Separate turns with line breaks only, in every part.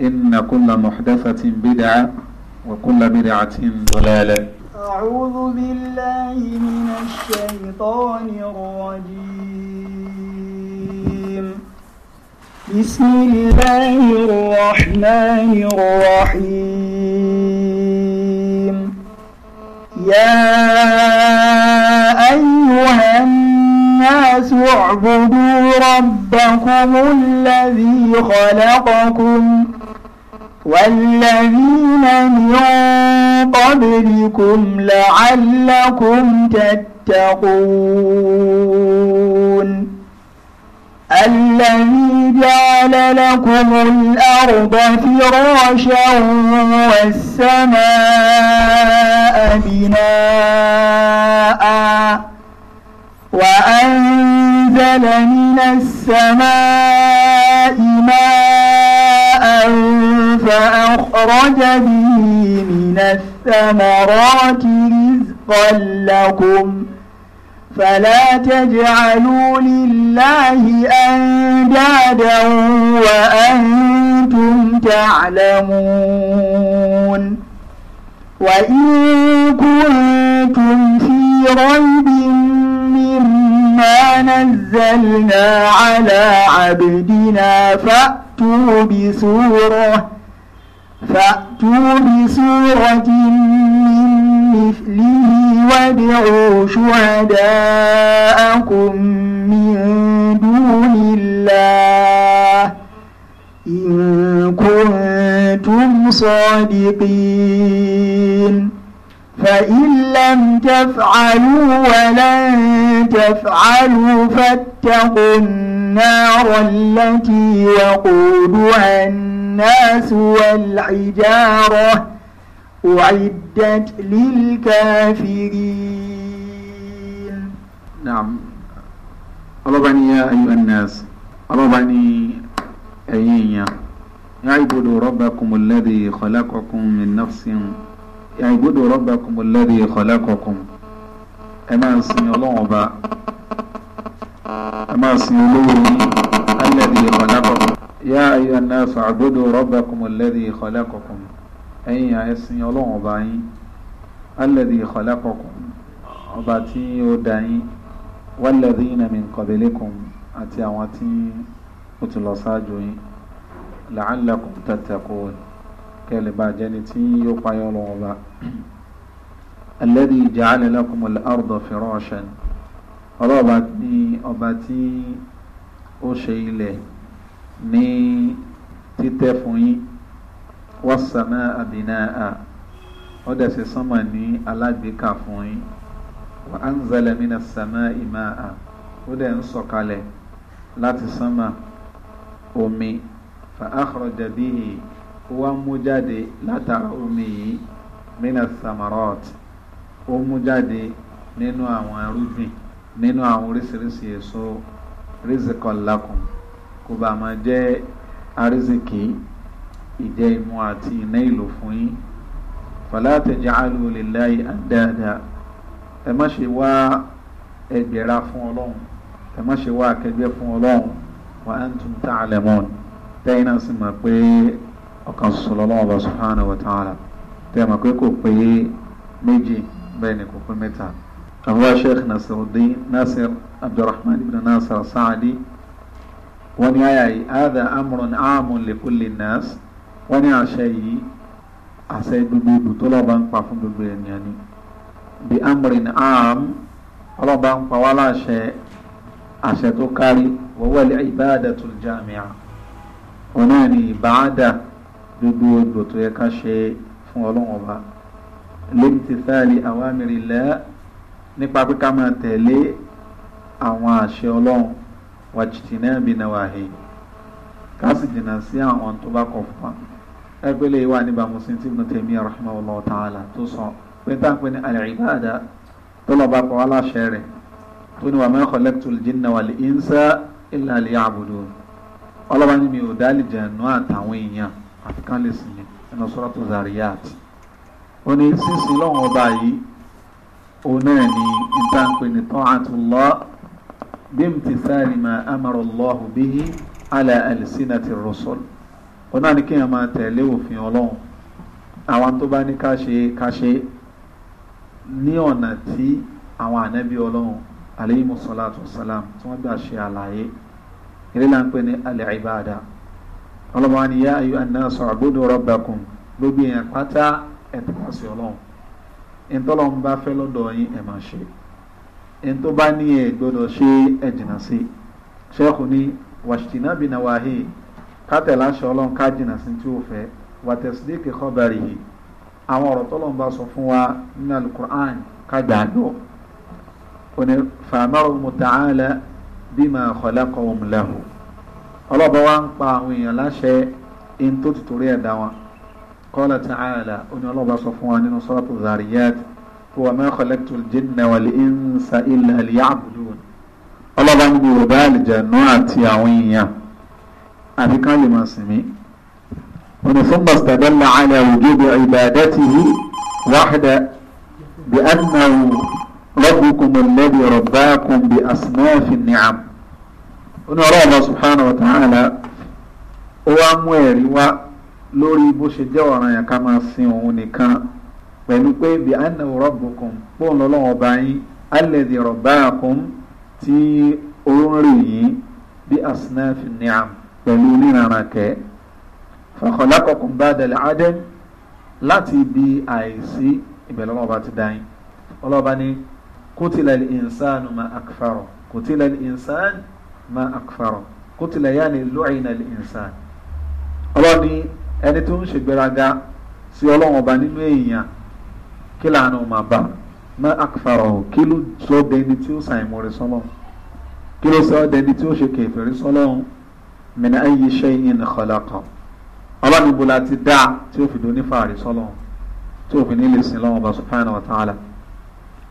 إن كل محدثة بدعة وكل بدعة ضلالة
أعوذ بالله من الشيطان الرجيم بسم الله الرحمن الرحيم يا أيها الناس اعبدوا ربكم الذي خلقكم والذين من قبلكم لعلكم تتقون الذي جعل لكم الأرض فراشا والسماء بناء وأنزل من السماء ماء فأخرج به من الثمرات رزقا لكم فلا تجعلوا لله أندادا وأنتم تعلمون وإن كنتم في ريب مما نزلنا على عبدنا فأتوا بسوره فأتوا بسورة من مثله وادعوا شهداءكم من دون الله إن كنتم صادقين فإن لم تفعلوا ولن تفعلوا فاتقوا النار التي وقودها الناس الناس والحجارة أعدت للكافرين
نعم ربني يا أيها الناس ربني أيين اعبدوا ربكم الذي خلقكم من نفس اعبدوا ربكم الذي خلقكم أما سنلعب أما سنلعب الذي خلقكم يا أيها الناس اعبدوا ربكم الذي خلقكم أي يسن يلون باين الذي خلقكم أباتي ودعي والذين من قبلكم أتي أواتي وتلصاجوي لعلكم تتقون كلبا جنتي يقا يلون الذي جعل لكم الأرض فراشا ربتني أباتي أشيله ní títẹ́ fún yín wọ́sàmá àbínáà ó dẹ̀ ṣe sánmà ní alágbèéká fún yín wà á ń zẹlẹ̀ mínà sàmá ìmáà ó dẹ̀ ń sọ̀kalẹ̀ láti sánmà omi fa akhraja bihi ó mú jáde látara omi yìí mínà samarot ó mú jáde nínú àwọn arúgbìn nínú àwọn oríṣiríṣi èso rizikọlákùn kó bá máa jẹ́ arizikì ìjẹ́ imú àti iná ìlò fún yín fala taj'alu lillahi andada ẹ má ṣe wá ẹgbẹ̀ra fún ọlọ́run ẹ má ṣe wá akẹgbẹ́ fún ọlọ́run wa antum ta'lamun tẹ́yìn náà sì mọ̀ pé ọ̀kan ṣoṣo lọ́wọ́ bá subhanahu wa ta'ala mọ̀ pé kò pé méjì bẹ́ẹ̀ ni kò pé mẹ́ta. àwọn sheikh Nasir Abdurrahman ibn Nasir Sa'di wọ́n ní àyà yìí hadha amrun amun li kulli nas wọ́n ní àṣẹ yìí àṣẹ gbogbogbò tó lọ́ọ́ bá ń pa fún gbogbo ènìyàn ni bi amrin am ọlọ́ba ń pa wá láṣẹ àṣẹ tó kárí wa wal ibadatul jami'a wọn náà ní ìbáàdà gbogbogbò tó yẹ ká ṣe fún ọlọ́wọ́n ọba limtithali awamirillah nípa pé ká máa tẹ̀lé àwọn àṣẹ ọlọ́run wajtinabi nawahi ká sì jìnnà sí àwọn tó bá kọ̀ fún wa ẹgbẹ́lẹ́ wa ní bàmùsùn tí Ibn Taymiyyah rahimahullahu ta'ala tó sọ pé tá à ń pè ní al-ibada tó lọ bá pa wá láṣẹ rẹ̀ tó ní wa ma khalaqtul jinna wal insa illa liya'budun ọlọ́ba ní mi ò dálì jẹ̀nu àtàwọn èèyàn àfi kán lè sìn ẹnu suratu Zariyat ó ní sísìn lọ́wọ́ ọba yìí òun náà ní ìtànkpé ní ta'atullah bimtithali ma amara Allahu bihi ala alsinati rusul ó náà ní kí èèyàn máa tẹ̀lé òfin ọlọ́run àwọn tó bá ní ká ṣe ká ṣe ní ọ̀nà tí àwọn ànábì ọlọ́run aleyhimu salatu salam tí wọ́n gbà ṣe àlàyé eré là ń pè ní alẹ́ ibada ọlọ́mọ ni yá ayú anáṣọ àbúdó rabbakum gbogbo èèyàn pátá ẹ̀tọ́ pàṣẹ ọlọ́run ìtọ́lọ́run fẹ́ lọ́dọ̀ yín ẹ̀ máa ṣe ẹni tó bá ní ẹ gbọ́dọ̀ ṣe ẹ jìnnà sí ṣẹ́kù ní wàṣìtìnà bí nàwáhì kátẹ̀lá ṣe ọlọ́run ká jìnnà sí tí ó fẹ́ wàtẹ̀sídẹ́kẹ̀ kọ́bárì yìí àwọn ọ̀rọ̀ tọ́lọ́run bá sọ fún wa nínú alukur'an ká gbàgbọ́ òní fàmárò mùtàálà bímà khalaqahum lahu ọlọ́ba wa ń pa àwọn èèyàn láṣẹ ẹni tó ti ẹ̀dá wọn qala ta'ala òní ọlọ́ba sọ fún wa nínú suratu wa ma khalaqtul jinna wal insa illa liya'budun ọlọ́ba ń gbé ọ̀dá àlìjẹ̀nú àti àwọn èèyàn àfi kán lè máa sìn mí. òní fún mọ̀sítàdọ́là àlẹ́ òjò bí ibadatihi wahda bí annahu rabbukum alladhi rabbakum bí asnafi ni'am. òní ọ̀rọ̀ ọ̀bà subhanahu wa ta'ala ó wá mú ẹ̀rí wá lórí bó ṣe jẹ́ ọ̀ranyàn ká máa sin òun nìkan pẹ̀lú pé bí anna rabbukum pọ́ùn lọ́lọ́wọ́ bá yín alladhi rabbaakum tí orórì yìí bí asnaf ni'am pẹ̀lú onírànà kẹ́ fa khalaqakum ba'da al-'adam láti ibi àìsí ìbẹ̀lẹ̀ ọlọ́wọ́ bá ti dá yín ọlọ́ba ní kutila al ma akfaro kutila al ma akfaro kutila yaani lu'ina al-insanu ọlọ́ni ẹni tó ń ṣègbéraga sí ọlọ́wọ́ nínú èèyàn kí làánú máa bá má àkàrọ̀ kí ló sọ dẹni tí ó ṣàìmọ̀rẹ́ sọ́lọ́ kí ló sọ dẹni tí ó ṣe kẹfẹ́rẹ́ sọ́lọ́ min ayyi shay'in khalaqa ọlọ́nìbó la ti dá tí ó fi do nífàárẹ̀ sọ́lọ́ tí ó fi nílé sin lọ́wọ́ bá subhanahu wa ta'ala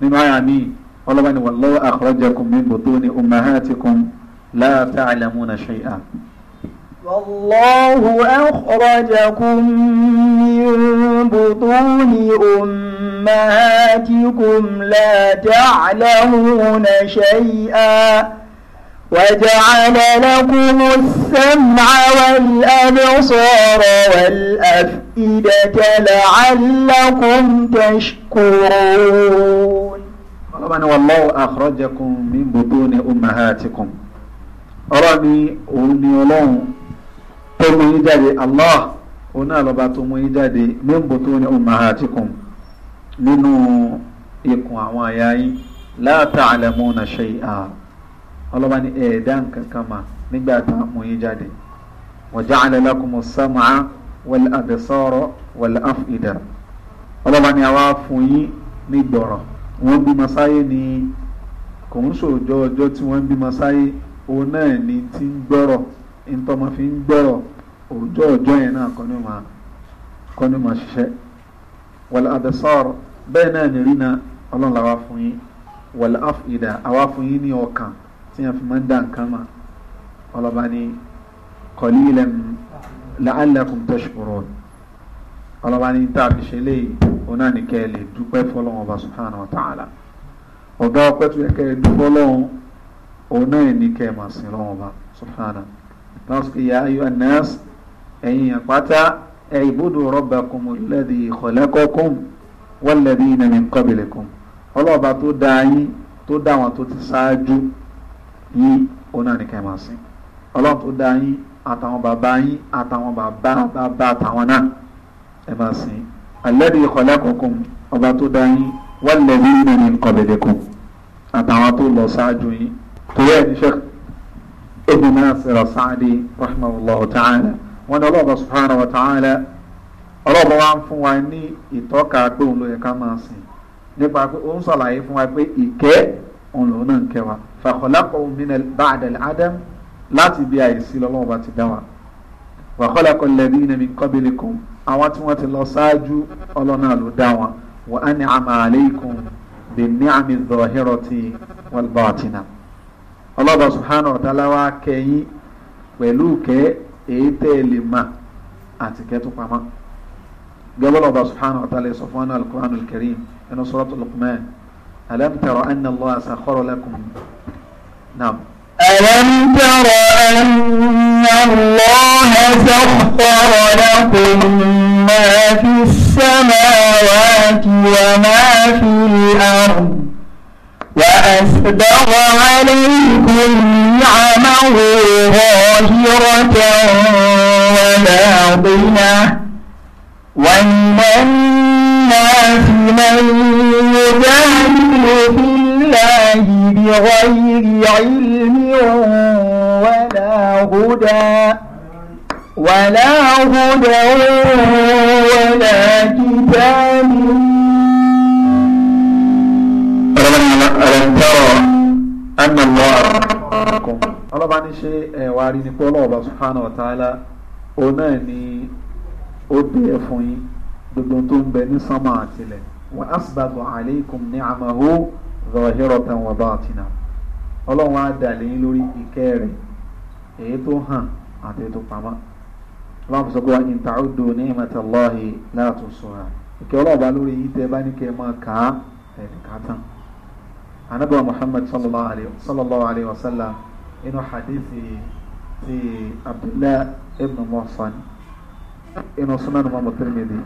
nínú àyà mi ọlọ́ba ni wallahu akhrajakum min butuni ummahatikum la ta'lamuna shay'a.
والله أخرجكم من من بطون أمهاتكم لا تعلمون شيئا وجعل لكم السمع والأبصار
والأفئدة لعلكم تشكرون طبعا والله أخرجكم من بطون أمهاتكم ọ̀rọ̀ أمي الله تمني ọlọ́run òun náà lọ́ba tó mú yín jáde mímú tó ní ummahatikum nínú ikùn àwọn àyà yín la ta'lamuna shay'a ọlọ́ba ní ẹ̀ẹ́dá nǹkan kan mà nígbà tá a mú yín jáde wa ja'ala lakumu sam'a wal absara wal af'ida ọlọ́ba ní àwa fún yín ní wọ́n bímọ sáyé ni kò ń ṣòjọ́ ọjọ́ tí wọ́n bímọ sáyé òun náà ni ti ń gbọ́rọ̀ ntọ́mọ òòjọ́ ọjọ́ yẹn náà kọ́ ni ó máa kọ́ ni ó máa ṣiṣẹ́ wàlẹ́ àbẹ̀sọ́ọ̀rọ̀ bẹ́ẹ̀ náà ní rínà ọlọ́run làwa fún yín wàlẹ́ àfìdá àwa fún yín ní ọkàn tí yẹn fi máa ń dá nǹkan mà ọlọ́ba ní qalilan la'allakum tashkurun ọlọ́ba ní tá a fi ṣe léyìí òun náà ní kẹ́ ẹ lè dúpẹ́ fọlọ́run ọba subhanahu wa ta'ala ọ̀gá ọpẹ́ tó yẹ kẹ́ ẹ dúpẹ́ lọ́wọ́n òun náà ní kẹ́ ẹ máa sìn lọ́wọ́n ọba subhanahu lásìkò yà á yọ ẹ̀ nẹ́ẹ̀sì ẹ̀yin àpáta ẹ̀ ìbúdó rabbakum alladhi khalaqakum walladhina min qablikum ọlọ́ọ̀bá tó dá yín tó dá àwọn tó ti ṣáájú yín ọ̀nà nìkan máa sìn ọlọ́run tó dá yín àtàwọn bàbá yín àtàwọn bàbá bàbá àtàwọn náà ẹ máa sìn alladhi khalaqakum ọba tó dá yín walladhina min qablikum àtàwọn tó lọ ṣáájú yín torí ẹ̀ ní Sheikh Ibn Nasir Sa'di rahimahullahu wọ́n ní ọlọ́ọ̀bọ subhanahu wa ta'ala ọlọ́ọ̀bọ wa ń fún wa ní ìtọ́ka pé òun ló yẹ ká máa sìn nípa pé ó ń sàlàyé fún wa pé ìkẹ́ òun lòun náà ń kẹ́ wa fa khalaqahum min ba'd al láti bí àìsí lọ́lọ́ọ̀bọ ti dá wa wa khalaqa alladhina min qablikum àwọn tí wọ́n ti lọ ṣáájú ọlọ́nà ló dá wọn wa an'ama alaykum bin-ni'ami adh-dhahirati wal-batina ọlọ́ọ̀bọ subhanahu wa ta'ala wa kẹ́yìn pẹ̀lú kẹ́ẹ́ èyí tẹ́ ẹ lè mà àti kẹ́tù pamọ́ gẹ́gẹ́ bá subhanahu wa ta'ala sọ fún anu al-Qur'an al-Karim ẹnu suratul Luqman alam tara anna Allaha sakhkhara lakum naam. ألم تر أن الله سخر
لكم ما في السماوات وما في الأرض وأسبغ عليكم نعمه ظاهرة وباطنة ومن الناس من يجادل في الله بغير علم ولا هدى ولا هدى ولا كتاب
àìjọ́rọ̀ ànàlọ́ àkọ́. ọlọ́ba ní ṣe ẹ̀wà rí ni pé ọlọ́ọ̀bá subhanahu wa ta'ala òun náà ni ó dé ẹ̀fún yín gbogbo tó ń bẹ ní sánmà àtìlẹ̀ wa asbagha alaykum ni'amahu zahiratan wa batina ọlọ́run á dà lẹ́yìn lórí ìkẹ́ rẹ̀ èyí tó hàn àti èyí pamọ́ ọlọ́run sọ pé wa in ta'uddu ni'matallahi la tuhsuha ìkẹ́ ọlọ́ọ̀bá lórí yìí tẹ́ bá ní kẹ́ máa kà á ẹ̀ẹ́dẹ̀ká tán anabiwa muhammad sallallahu alayhi wa sallam inú hadithi ti abdullah ibn muhsan inú sunan umaru tirmidhi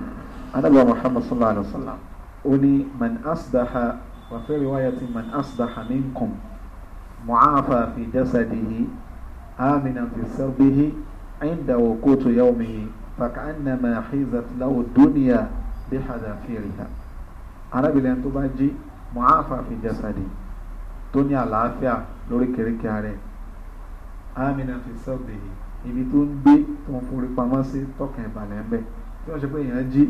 anabiwa muhammad sallallahu alayhi wa sallam ó ní man asbaha wa fi riwayati man asbaha minkum mu'afa fi jasadihi آمنا في سربه عند وقوت يومه فكأنما حيزت له الدنيا بحذافيرها أنا بلان تباجي muhafa fi jasadi tó ní àlàáfíà lóríkèéríkèé ààrẹ amina fi sọ́ọ̀bì ibi tó ń gbé tó ń forí pamọ́ sí tọkàn ìbàlẹ̀ ń bẹ̀ tí wọ́n ṣe pé èèyàn jí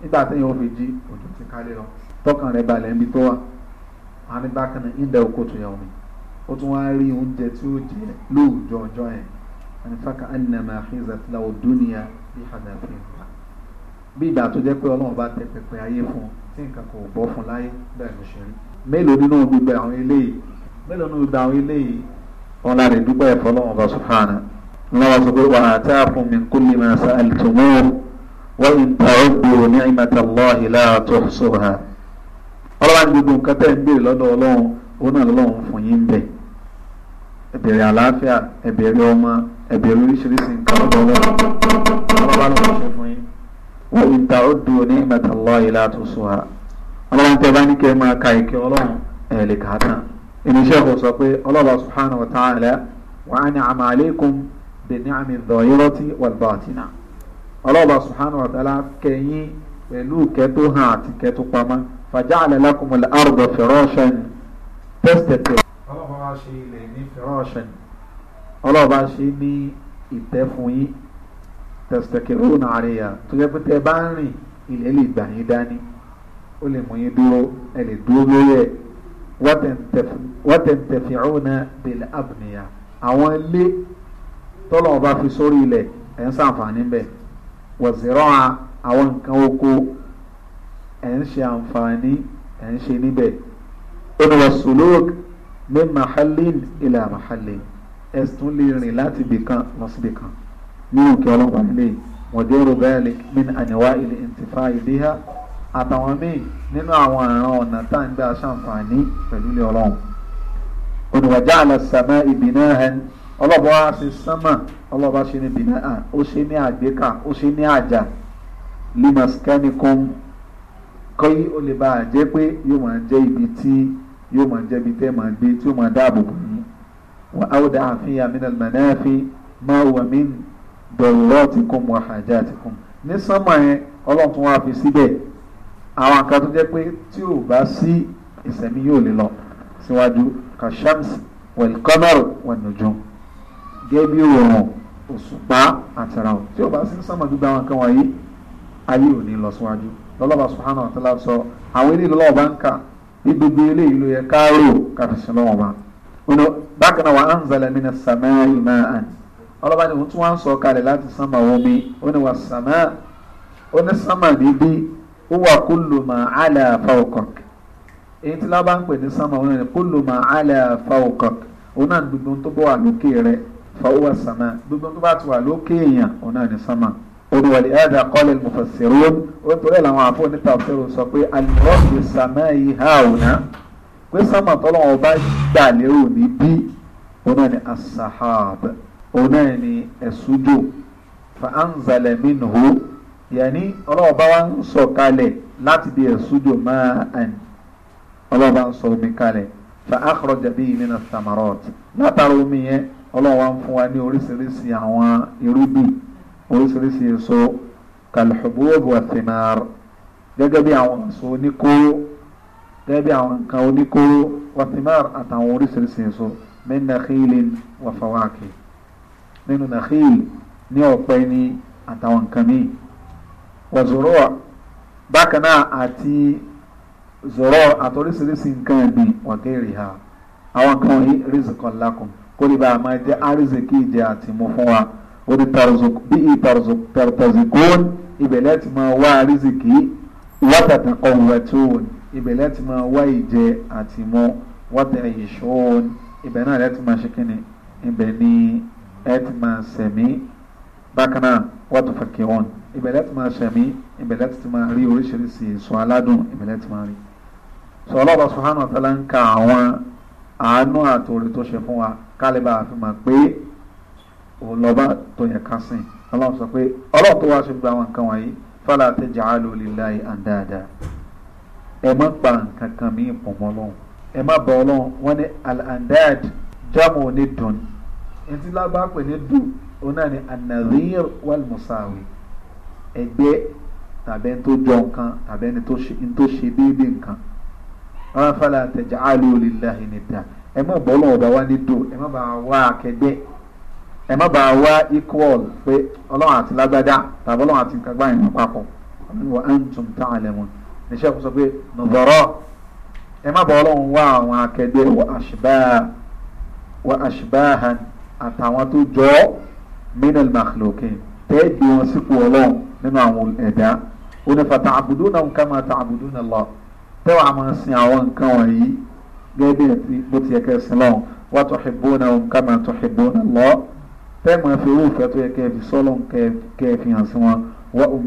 nígbà téèyàn ò fi jí òjò ti kálé lọ tọkàn rẹ̀ balẹ̀ níbi tó wà á ní bákan náà ìdá oko tó yẹn omi ó tún wá rí oúnjẹ tí ó jẹ lóòjọ́ ọjọ́ yẹn ànífàkà ànàmà àfihàn láwọ dúnìyà bí àdàfihàn bí ìgbà tó jẹ́ pé ọlọ́run bá tẹ pẹpẹ ayé fún un tí nǹkan kò bọ́ fún láyé bẹ́ẹ̀ ló ṣe rí mélòó nínú gbogbo àwọn eléyìí mélòó nínú gbogbo àwọn eléyìí wọn lára ìdúpọ̀ ẹ̀fọ́ lọ́wọ́ bá sùfàànà lọ́wọ́ sọ pé wàá tá a fún mi kú lè máa sa àlùtùmọ́ wọ́n ń ta ọgbọ̀rọ̀ ní àyìnbátà lọ́ọ̀hì láàtọ̀ sọ̀hà ọlọ́wà gbogbo nǹkan tẹ́ ń béèrè lọ́dọ̀ ọlọ́run òun náà lọ́lọ́run fún yín bẹ̀ ẹ àlàáfíà ẹ ọmọ ẹ oríṣiríṣi nǹkan lọ́dọ̀ ọlọ́run ọlọ́wà ló ń ṣe fún yín wa in ta'uddu ni'mata Allahi la tuhsuha ọlọ́run tẹ bá ní kẹ́ máa ka ìkẹ́ ọlọ́run ẹ̀ lè kà á tán ìníṣẹ́ kò sọ pé ọlọ́run subhanahu wa ta'ala wa an'ama alaykum bi ni'ami dhahirati wal batina ọlọ́run subhanahu wa ta'ala kẹ́yìn pẹ̀lú kẹ́ tó hàn àti kẹ́ tó pamọ́ faja'ala lakumul arda firashan tẹ́sítẹ̀tẹ̀ ọlọ́run bá ṣe ilẹ̀ ní firashan ọlọ́run bá ṣe ní ìtẹ́ fún yín tastakiruna àríyá tó jẹ́ pé tẹ́ bá ń rìn ilẹ̀ lè gbà yín dání ó lè mú yín dúró ẹ lè dúró lórí ẹ̀ wọ́tẹ̀ntẹ̀fìrúnà bẹ̀lẹ̀ àbùnìyà àwọn ilé tọ́lọ̀ ọba fi sórí ilẹ̀ ẹ̀ ń sàǹfààní bẹ̀ wọ̀zẹ̀rọ̀ àwọn nǹkan oko ẹ̀ ń ṣe àǹfààní ẹ̀ ń ṣe níbẹ̀ oníwàsólóòk ní mahallin ilà mahallin ẹ̀ tún lè rìn láti bìkan lọ síbìkan nínú kí ọlọ́pàá nílé mọ̀dérò bẹ́ẹ̀lì min àníwá ilé ìntìfà ìdíhà àtàwọn míì nínú àwọn àrùn ọ̀nà tá à ń gbà ṣàǹfààní pẹ̀lú ilé ọlọ́run oníwàjá àlàsàmà ìbìnà ẹn ọlọ́bọ̀ á ṣe sánmà ọlọ́bà ṣe ní bìnà àn ó ṣe ní àgbékà ó ṣe ní àjà limas kẹ́nìkan kọ́ yí ó lè bá a jẹ́ pé yóò máa jẹ́ ibi tí yóò máa jẹ́ ibi tẹ́ máa gbé tí ó máa dáàbò bò yín wà á ó dá àfihàn mí daruratikum wa hajatikum ní sánmà yẹn ọlọ́run tún wá fi síbẹ̀ àwọn nǹkan tó jẹ́ pé tí ò bá sí ìsẹ̀mí yóò lè lọ síwájú kashams wal qamar wan nujum gẹ́gẹ́ bí òòrùn òṣùpá àtàrà ò tí ò bá sí sánmà gbígbà àwọn nǹkan wọ̀nyí ayé ò ní lọ síwájú lọ́lọ́ba subhanahu wa ta'ala sọ àwọn eléyìí lọ́wọ́ ń kà ní gbogbo eléyìí ló yẹ káàró kàfíṣẹ́ lọ́wọ́ bá. bákan náà wa anzala minas samai ma'an ọlọ́ba ni òun tún wá ń sọ kalẹ̀ láti sánmà omi ó ní wà sàmà ó ní sánmà níbí ó wà kullu ma ala fawqak èyí tí lábá ń pè ní sánmà òun ní kullu ma ala fawqak òun náà gbogbo tó bá wà lókè rẹ̀ fa huwa sàmà gbogbo tó bá ti wà lókè èèyàn òun náà ní sánmà òun wà ní ẹ̀dá qala al-mufassirun ó torí ẹ̀ làwọn àfọ̀ níta fẹ́ràn sọ pé alùpùpù sàmà yìí hà òun pé sánmà tọ́lọ́wọ́n bá gbà lérò níbí òun náà ní asahab òun náà ni ẹ̀sùjò fa anzala minhu yẹni ọlọ́wọ́ bá wa ń sọ kalẹ̀ láti di ẹ̀sùjò máa àn ọlọ́wọ́ bá ń sọ omi kalẹ̀ fa akhraja bihi mina samarot látara omi yẹn ọlọ́wọ́ ń fún wa ní oríṣiríṣi àwọn irúgbìn oríṣiríṣi èso kalhubub wa thimar gẹ́gẹ́ bí àwọn èso oníkóró gẹ́gẹ́ bí àwọn nǹkan oníkóró wa àtàwọn oríṣiríṣi èso min nakhilin wa nínú nakhil ní ọ̀pẹ ní àtàwọn nǹkan míì wàzúrọ̀ bákan náà àti zọ̀rọ̀ àtọ́ríṣiríṣi nǹkan ẹ̀gbìn wàgẹ́rì ha àwọn kan yìí rizqan lakum kó lè bá a máa jẹ́ àrísìkì ìjẹ àti mú fún wa ó ní bí ìtàrzìkún ìbẹ̀lẹ̀ ti máa wá àrísìkì wàtàtàkọ̀ wẹ̀tún ìbẹ̀lẹ̀ ti máa wá ìjẹ àti mú wàtà ìṣòwò ìbẹ̀ náà lẹ́tì ṣe kíni ìbẹ̀ ní ẹ ti máa sẹ̀mí bákan náà wọ́n tó fẹ̀kẹ́ wọn ìbẹ̀lẹ̀ ti máa sẹ̀mí ìbẹ̀lẹ̀ ti máa rí oríṣiríṣi èso aládùn ìbẹ̀lẹ̀ ti máa rí sọlá ọba subhanahu wa ta'ala ń ka àwọn àánú àtòrí tó ṣe fún wa kálíbà àfi máa pé òun lọ́ba tó yẹ ká sìn ọlọ́run sọ pé ọlọ́run tó wá ṣe gba àwọn nǹkan andada ẹ má pa nǹkan kan mí ìpọ̀mọ́ lọ́hùn al-andad jámù ní dùn ntí lágbá pè ní dù òun náà ni anadhir wal musawi ẹgbẹ́ tàbí tó jọ nǹkan tàbí ẹni tó ṣe déédéé nǹkan wọn fàlà taj'alu lillahi nidda ẹ má bọ́ lọ́wọ́ bá wá ní dù ẹ má bá wá akẹgbẹ́ ẹ má bá wá equal pé ọlọ́run àti lágbádá tàbí ọlọ́run àti nǹkan gbáyìn wọn papọ̀ wa antum ta'lamun níṣẹ́ kó sọ pé nùbọ̀rọ̀ ẹ má bọ́ lọ́wọ́ wá àwọn akẹgbẹ́ wa ashbah wa ashbahan àtàwọn tó jọ ọ́ minal makhluqin tẹ́ẹ̀ gbé wọn sípò ọlọ́run nínú àwọn ẹ̀dá ó ní fata àbùdúnà kama ta'buduna Allah tẹ́wọ̀ àmọ́ sin àwọn nǹkan wọ̀nyí gẹ́gẹ́ bí bó ti yẹ kẹ́ sin lọ́wọ́ wa tuhibbuna kama tuhibbuna Allah tẹ́ẹ̀ máa fi owó ìfẹ́ tó yẹ kẹ́ fi sọ́lọ́ kẹ́ fi hàn sí wọn wa hum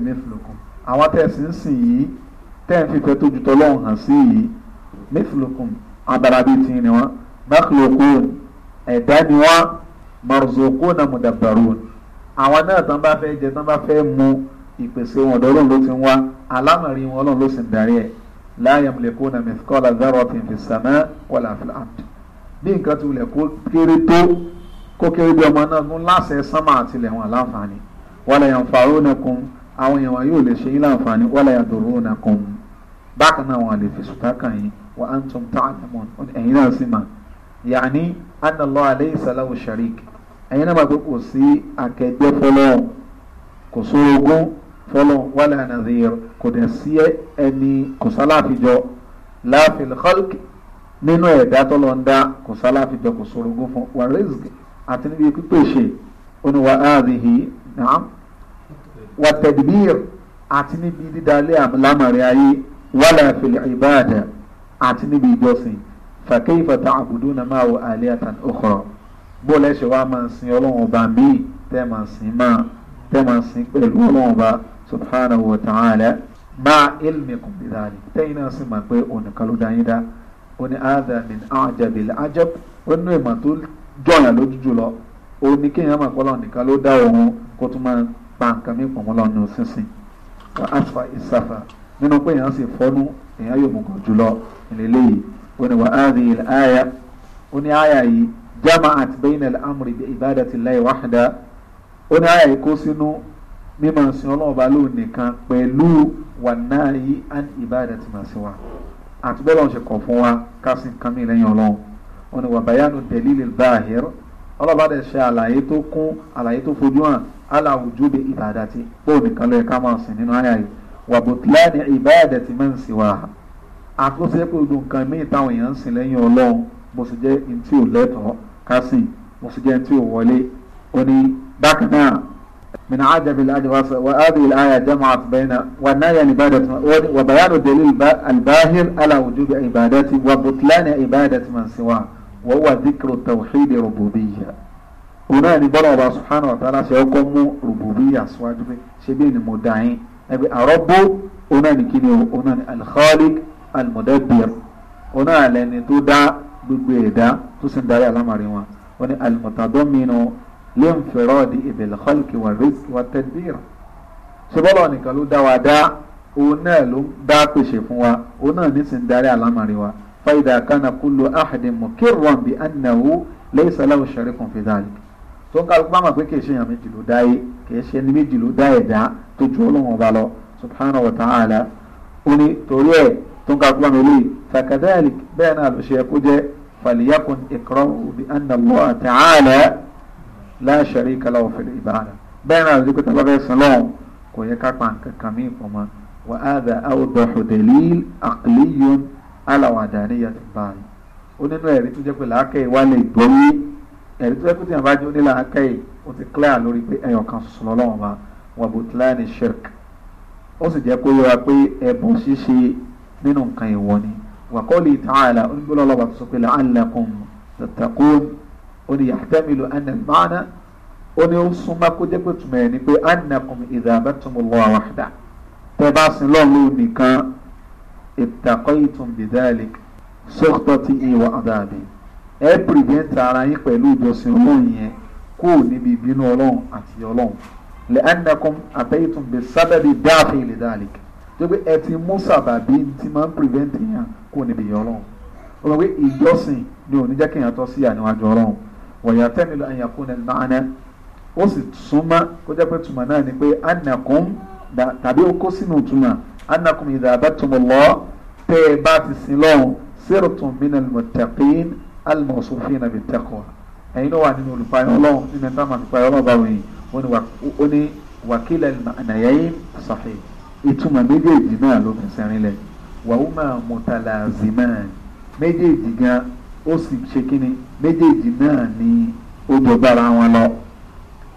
ní marzukuna mudabbarun àwọn náà tán bá fẹ́ jẹ tán bá fẹ́ mu ìpèsè wọn ọ̀dọ̀ ọlọ́run ló ti ń wá alámọ̀rí wọn ọlọ́run ló sì ń darí ẹ̀ la yamlikuna mithqala dharratin fi samaa wala fil ard bí nǹkan ti wulẹ̀ kó kéré tó kó kéré bí ọmọ náà gún láṣẹ sánmà àtìlẹ̀ wọn láǹfààní wala yanfa'unakum àwọn èèyàn wọn yóò lè ṣe yín láǹfààní wala yadurrunakum bákan náà wọn lè fi sùtá kàn yín wa antum ta'lamun ẹ̀yin náà sì mà yàní anna Allah laysa lahu sharik ẹ̀yin náà bá pé kò sí akẹgbẹ́ fọlọ́hún kò sórogún fọlọ́hún wala nadhir kò dẹ̀ sí ẹni kò sáláfíjọ la fil khalq nínú ẹ̀dá tọ́lọ́ ń dá kò sáláfíjọ kò sórogún fún wa rizq àti níbi pípèsè oníwà áàdìhì náà wa tadbir àti níbi dídálé àmàlámàrin ayé wala fil ibada àti níbi ìjọsìn fa kayfa ta'buduna máa wọ aliyatan ukhra bó lẹ́sẹ̀ wá máa sin ọlọ́run ọba míì tẹ́ máa sin máa tẹ́ máa sin pẹ̀lú ọlọ́run ọba subhanahu wa ta'ala máa ilmikum bidhalik tẹ́yìn náà sì máa pé ònìkan ló dáyé dá ó ní áádà min ájàbí ájàb ó nínú ìmọ̀ tó jọyàn lójú jùlọ ó ní kéèyàn máa pọ́lọ́ nìkan dá òun kó tún máa pa nǹkan mí pọ̀n lọ́nu sísìn wà á fa nínú pé èèyàn sì fọ́nú èèyàn yóò mú kàn jùlọ ìlélẹ́yìí ó ní wà á rí àyà ó yìí jama'at bayna al-amri bi ibadati llahi wahda ó ní àyà ìkó sínú mímọ̀ sin ọlọ́run bá lóun nìkan pẹ̀lú wànáyí an ibadati ma siwa àti bọ́lá ṣe kọ̀ fún wa ká sì ń kan mí lẹ́yìn ọlọ́run ó ní wa bayanu dalil al-bahir ọlọ́ba dẹ̀ ṣe àlàyé tó kún àlàyé tó fojú hàn ala wujubi ibadati bóun nìkan ló ká máa sìn nínú àyà yìí wa butlani ibadati man siwaha àtúnṣe pé odò nǹkan míì táwọn èèyàn ń sìn lẹ́yìn ọlọ́run bó ṣe jẹ́ ntí ò lẹ́tọ̀ọ́ kásìn mo sì jẹ́ tí ò wọlé ó ní bákan náà من عجب الأجواس وهذه الآية جمعت بين والنهي عبادة وبيان الدليل الباهر على وجوب عبادته وبطلان عبادة من سواه وهو ذكر التوحيد ربوبية هنا نبرع الله سبحانه وتعالى سيقوم ربوبية سواجب شبين مدعين أبي أرب هنا نكيني هنا الخالق المدبر هنا لأن تدعى gbogbo ẹ̀dá tó sì ń darí alámàrí wọn wọn ni alimọ̀tàdọ́mìnú lè ń fẹ̀rọ̀ di ìbẹ̀lẹ̀ kọ́lìkì wà rẹ́sì wà tẹ̀díìrà ṣùgbọ́n nìkan ló dá wa dá òun náà ló dá pèsè fún wa òun náà ní sì ń darí alámàrí wa fàyidà kánà kúlò áhàdì mọ̀kírọ̀n bí anáwó lẹ́yìn sàlẹ́wò ṣẹ̀ríkùn fi dáàlì tó ń kálukú máa pé kì í ṣe èèyàn méjì ló dá yé kì í ṣe ẹni méjì ló dá ẹ̀dá tó ju Ọlọ́run ọba lọ subhanahu wa ta'ala ó ní torí ẹ̀ tó ń ka kúlọ̀ mẹ́lẹ́ fàkàdáàlì bẹ́ẹ̀ náà ló ṣe kó jẹ́ fàlìyàkùn ìkọ́rọ̀ òbí anna Allah ta'ala la sharika lahu fil ibada bẹ́ẹ̀ náà ló ṣe pé tábà bẹ́ẹ̀ sàn lọ́wọ́ kò yẹ ká pa nǹkan kan mí pọ̀ mọ́ wa hadha awdahu dalil aqliyun ala wahdaniyyati al-bari ó nínú ẹ̀rí tó jẹ́ pé làákẹ́ wa lè gbọ́ yé ẹ̀rí tó jẹ́ pé tí àbá jó ní ó ti clear lórí pé ẹyọ̀ kan sọ̀rọ̀ Ọlọ́run wa wa butlani shirk ó sì jẹ́ kó yọra pé ẹ̀bùn ṣíṣe nínú nǹkan ìwọ ni wa qawli ta'ala onígbọ́lọ́ lọ́ba tó sọ pé la'allakum tattaqun ó ní yahtamilu anna al-ma'na ó ní ó súnmọ́ kó jẹ́ pé tùmọ̀ ẹ̀ ni pé annakum idha abadtum Allah wahda tẹ́ bá sin lọ́ọ̀lù nìkan ittaqaytum bidhalik sọ́kọ̀tì ìwà àdáàbí ẹ pìrìbẹ́ǹtì ara yín pẹ̀lú ìjọsìn ọlọ́run yẹn kó níbi ìbínú ọlọ́run àti ọlọ́run lẹ́ẹ̀nẹ́kùn àtẹ́yìntùn bẹ́ẹ̀ sábẹ́bí dáàfin ìlẹ̀dálẹ̀kì tó pé ẹ ti mú sàbàbí tí máa ń prevent yàn kó níbi yọ ọlọ́run ó sọ pé ìjọsìn ni ò ní jẹ́ kéèyàn tọ́ sí àníwájú ọlọ́run wọ̀nyà tẹ́mílò àyànkú ní nàánẹ́ ó sì súnmọ́ kó jẹ́ pé tùmọ̀ náà ni pé anakun tàbí ó sínú tùmọ̀ anakun ìdàbẹ́ tùmọ̀ lọ tẹ́ ẹ bá ti sin lọ́hùn sírùtùn min al-muttaqin al-mawsufina bit-taqwa ẹ̀yin náà wà nínú olùpayọ̀ ìtumọ̀ méjèèjì náà ló fi sẹ́rin lẹ̀ wàhùmà mùtàlàzìmáà méjèèjì gan ó sì ṣe kínní méjèèjì náà ni ó jọ bára wọn lọ.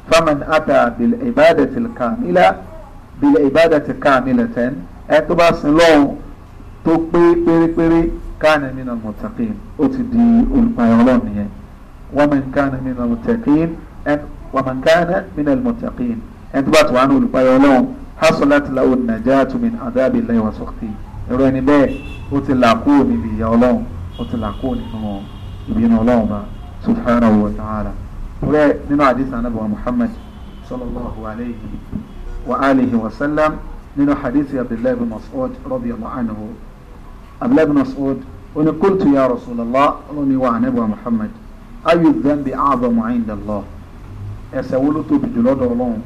faman ata bil ibadati kamila bil ibadati kamilatan ẹ tó bá sin lọ́hùn tó pé pérépéré kánà nínú mùtàkìn ó ti di olùpayọ̀ ọlọ́run nìyẹn wọ́n mọ̀ kánà nínú mùtàkìn wọ́n mọ̀ kánà nínú mùtàkìn ẹ tó bá tó wà ní olùpayọ̀ ọlọ́run hasolat lahu najatu min adabi lahi wa sọkti ẹrọ ẹni bẹ́ẹ̀ ó ti là kúrò níbi ìyà Ọlọ́run ó ti là kúrò nínú ìbínú Ọlọ́run bá subhanahu wa ta'ala rẹ nínú àdìsá nàbẹ wa Muhammad sallallahu alayhi wa alihi wa sallam nínú hadisi abdullahi bin Mas'ud radiyallahu anhu abdullahi bin Mas'ud oni kultu ya rasulallah oni wa anabi wa Muhammad ayu dhanbi a'zamu inda Allah ẹ̀ṣẹ̀ wo ló tóbi jùlọ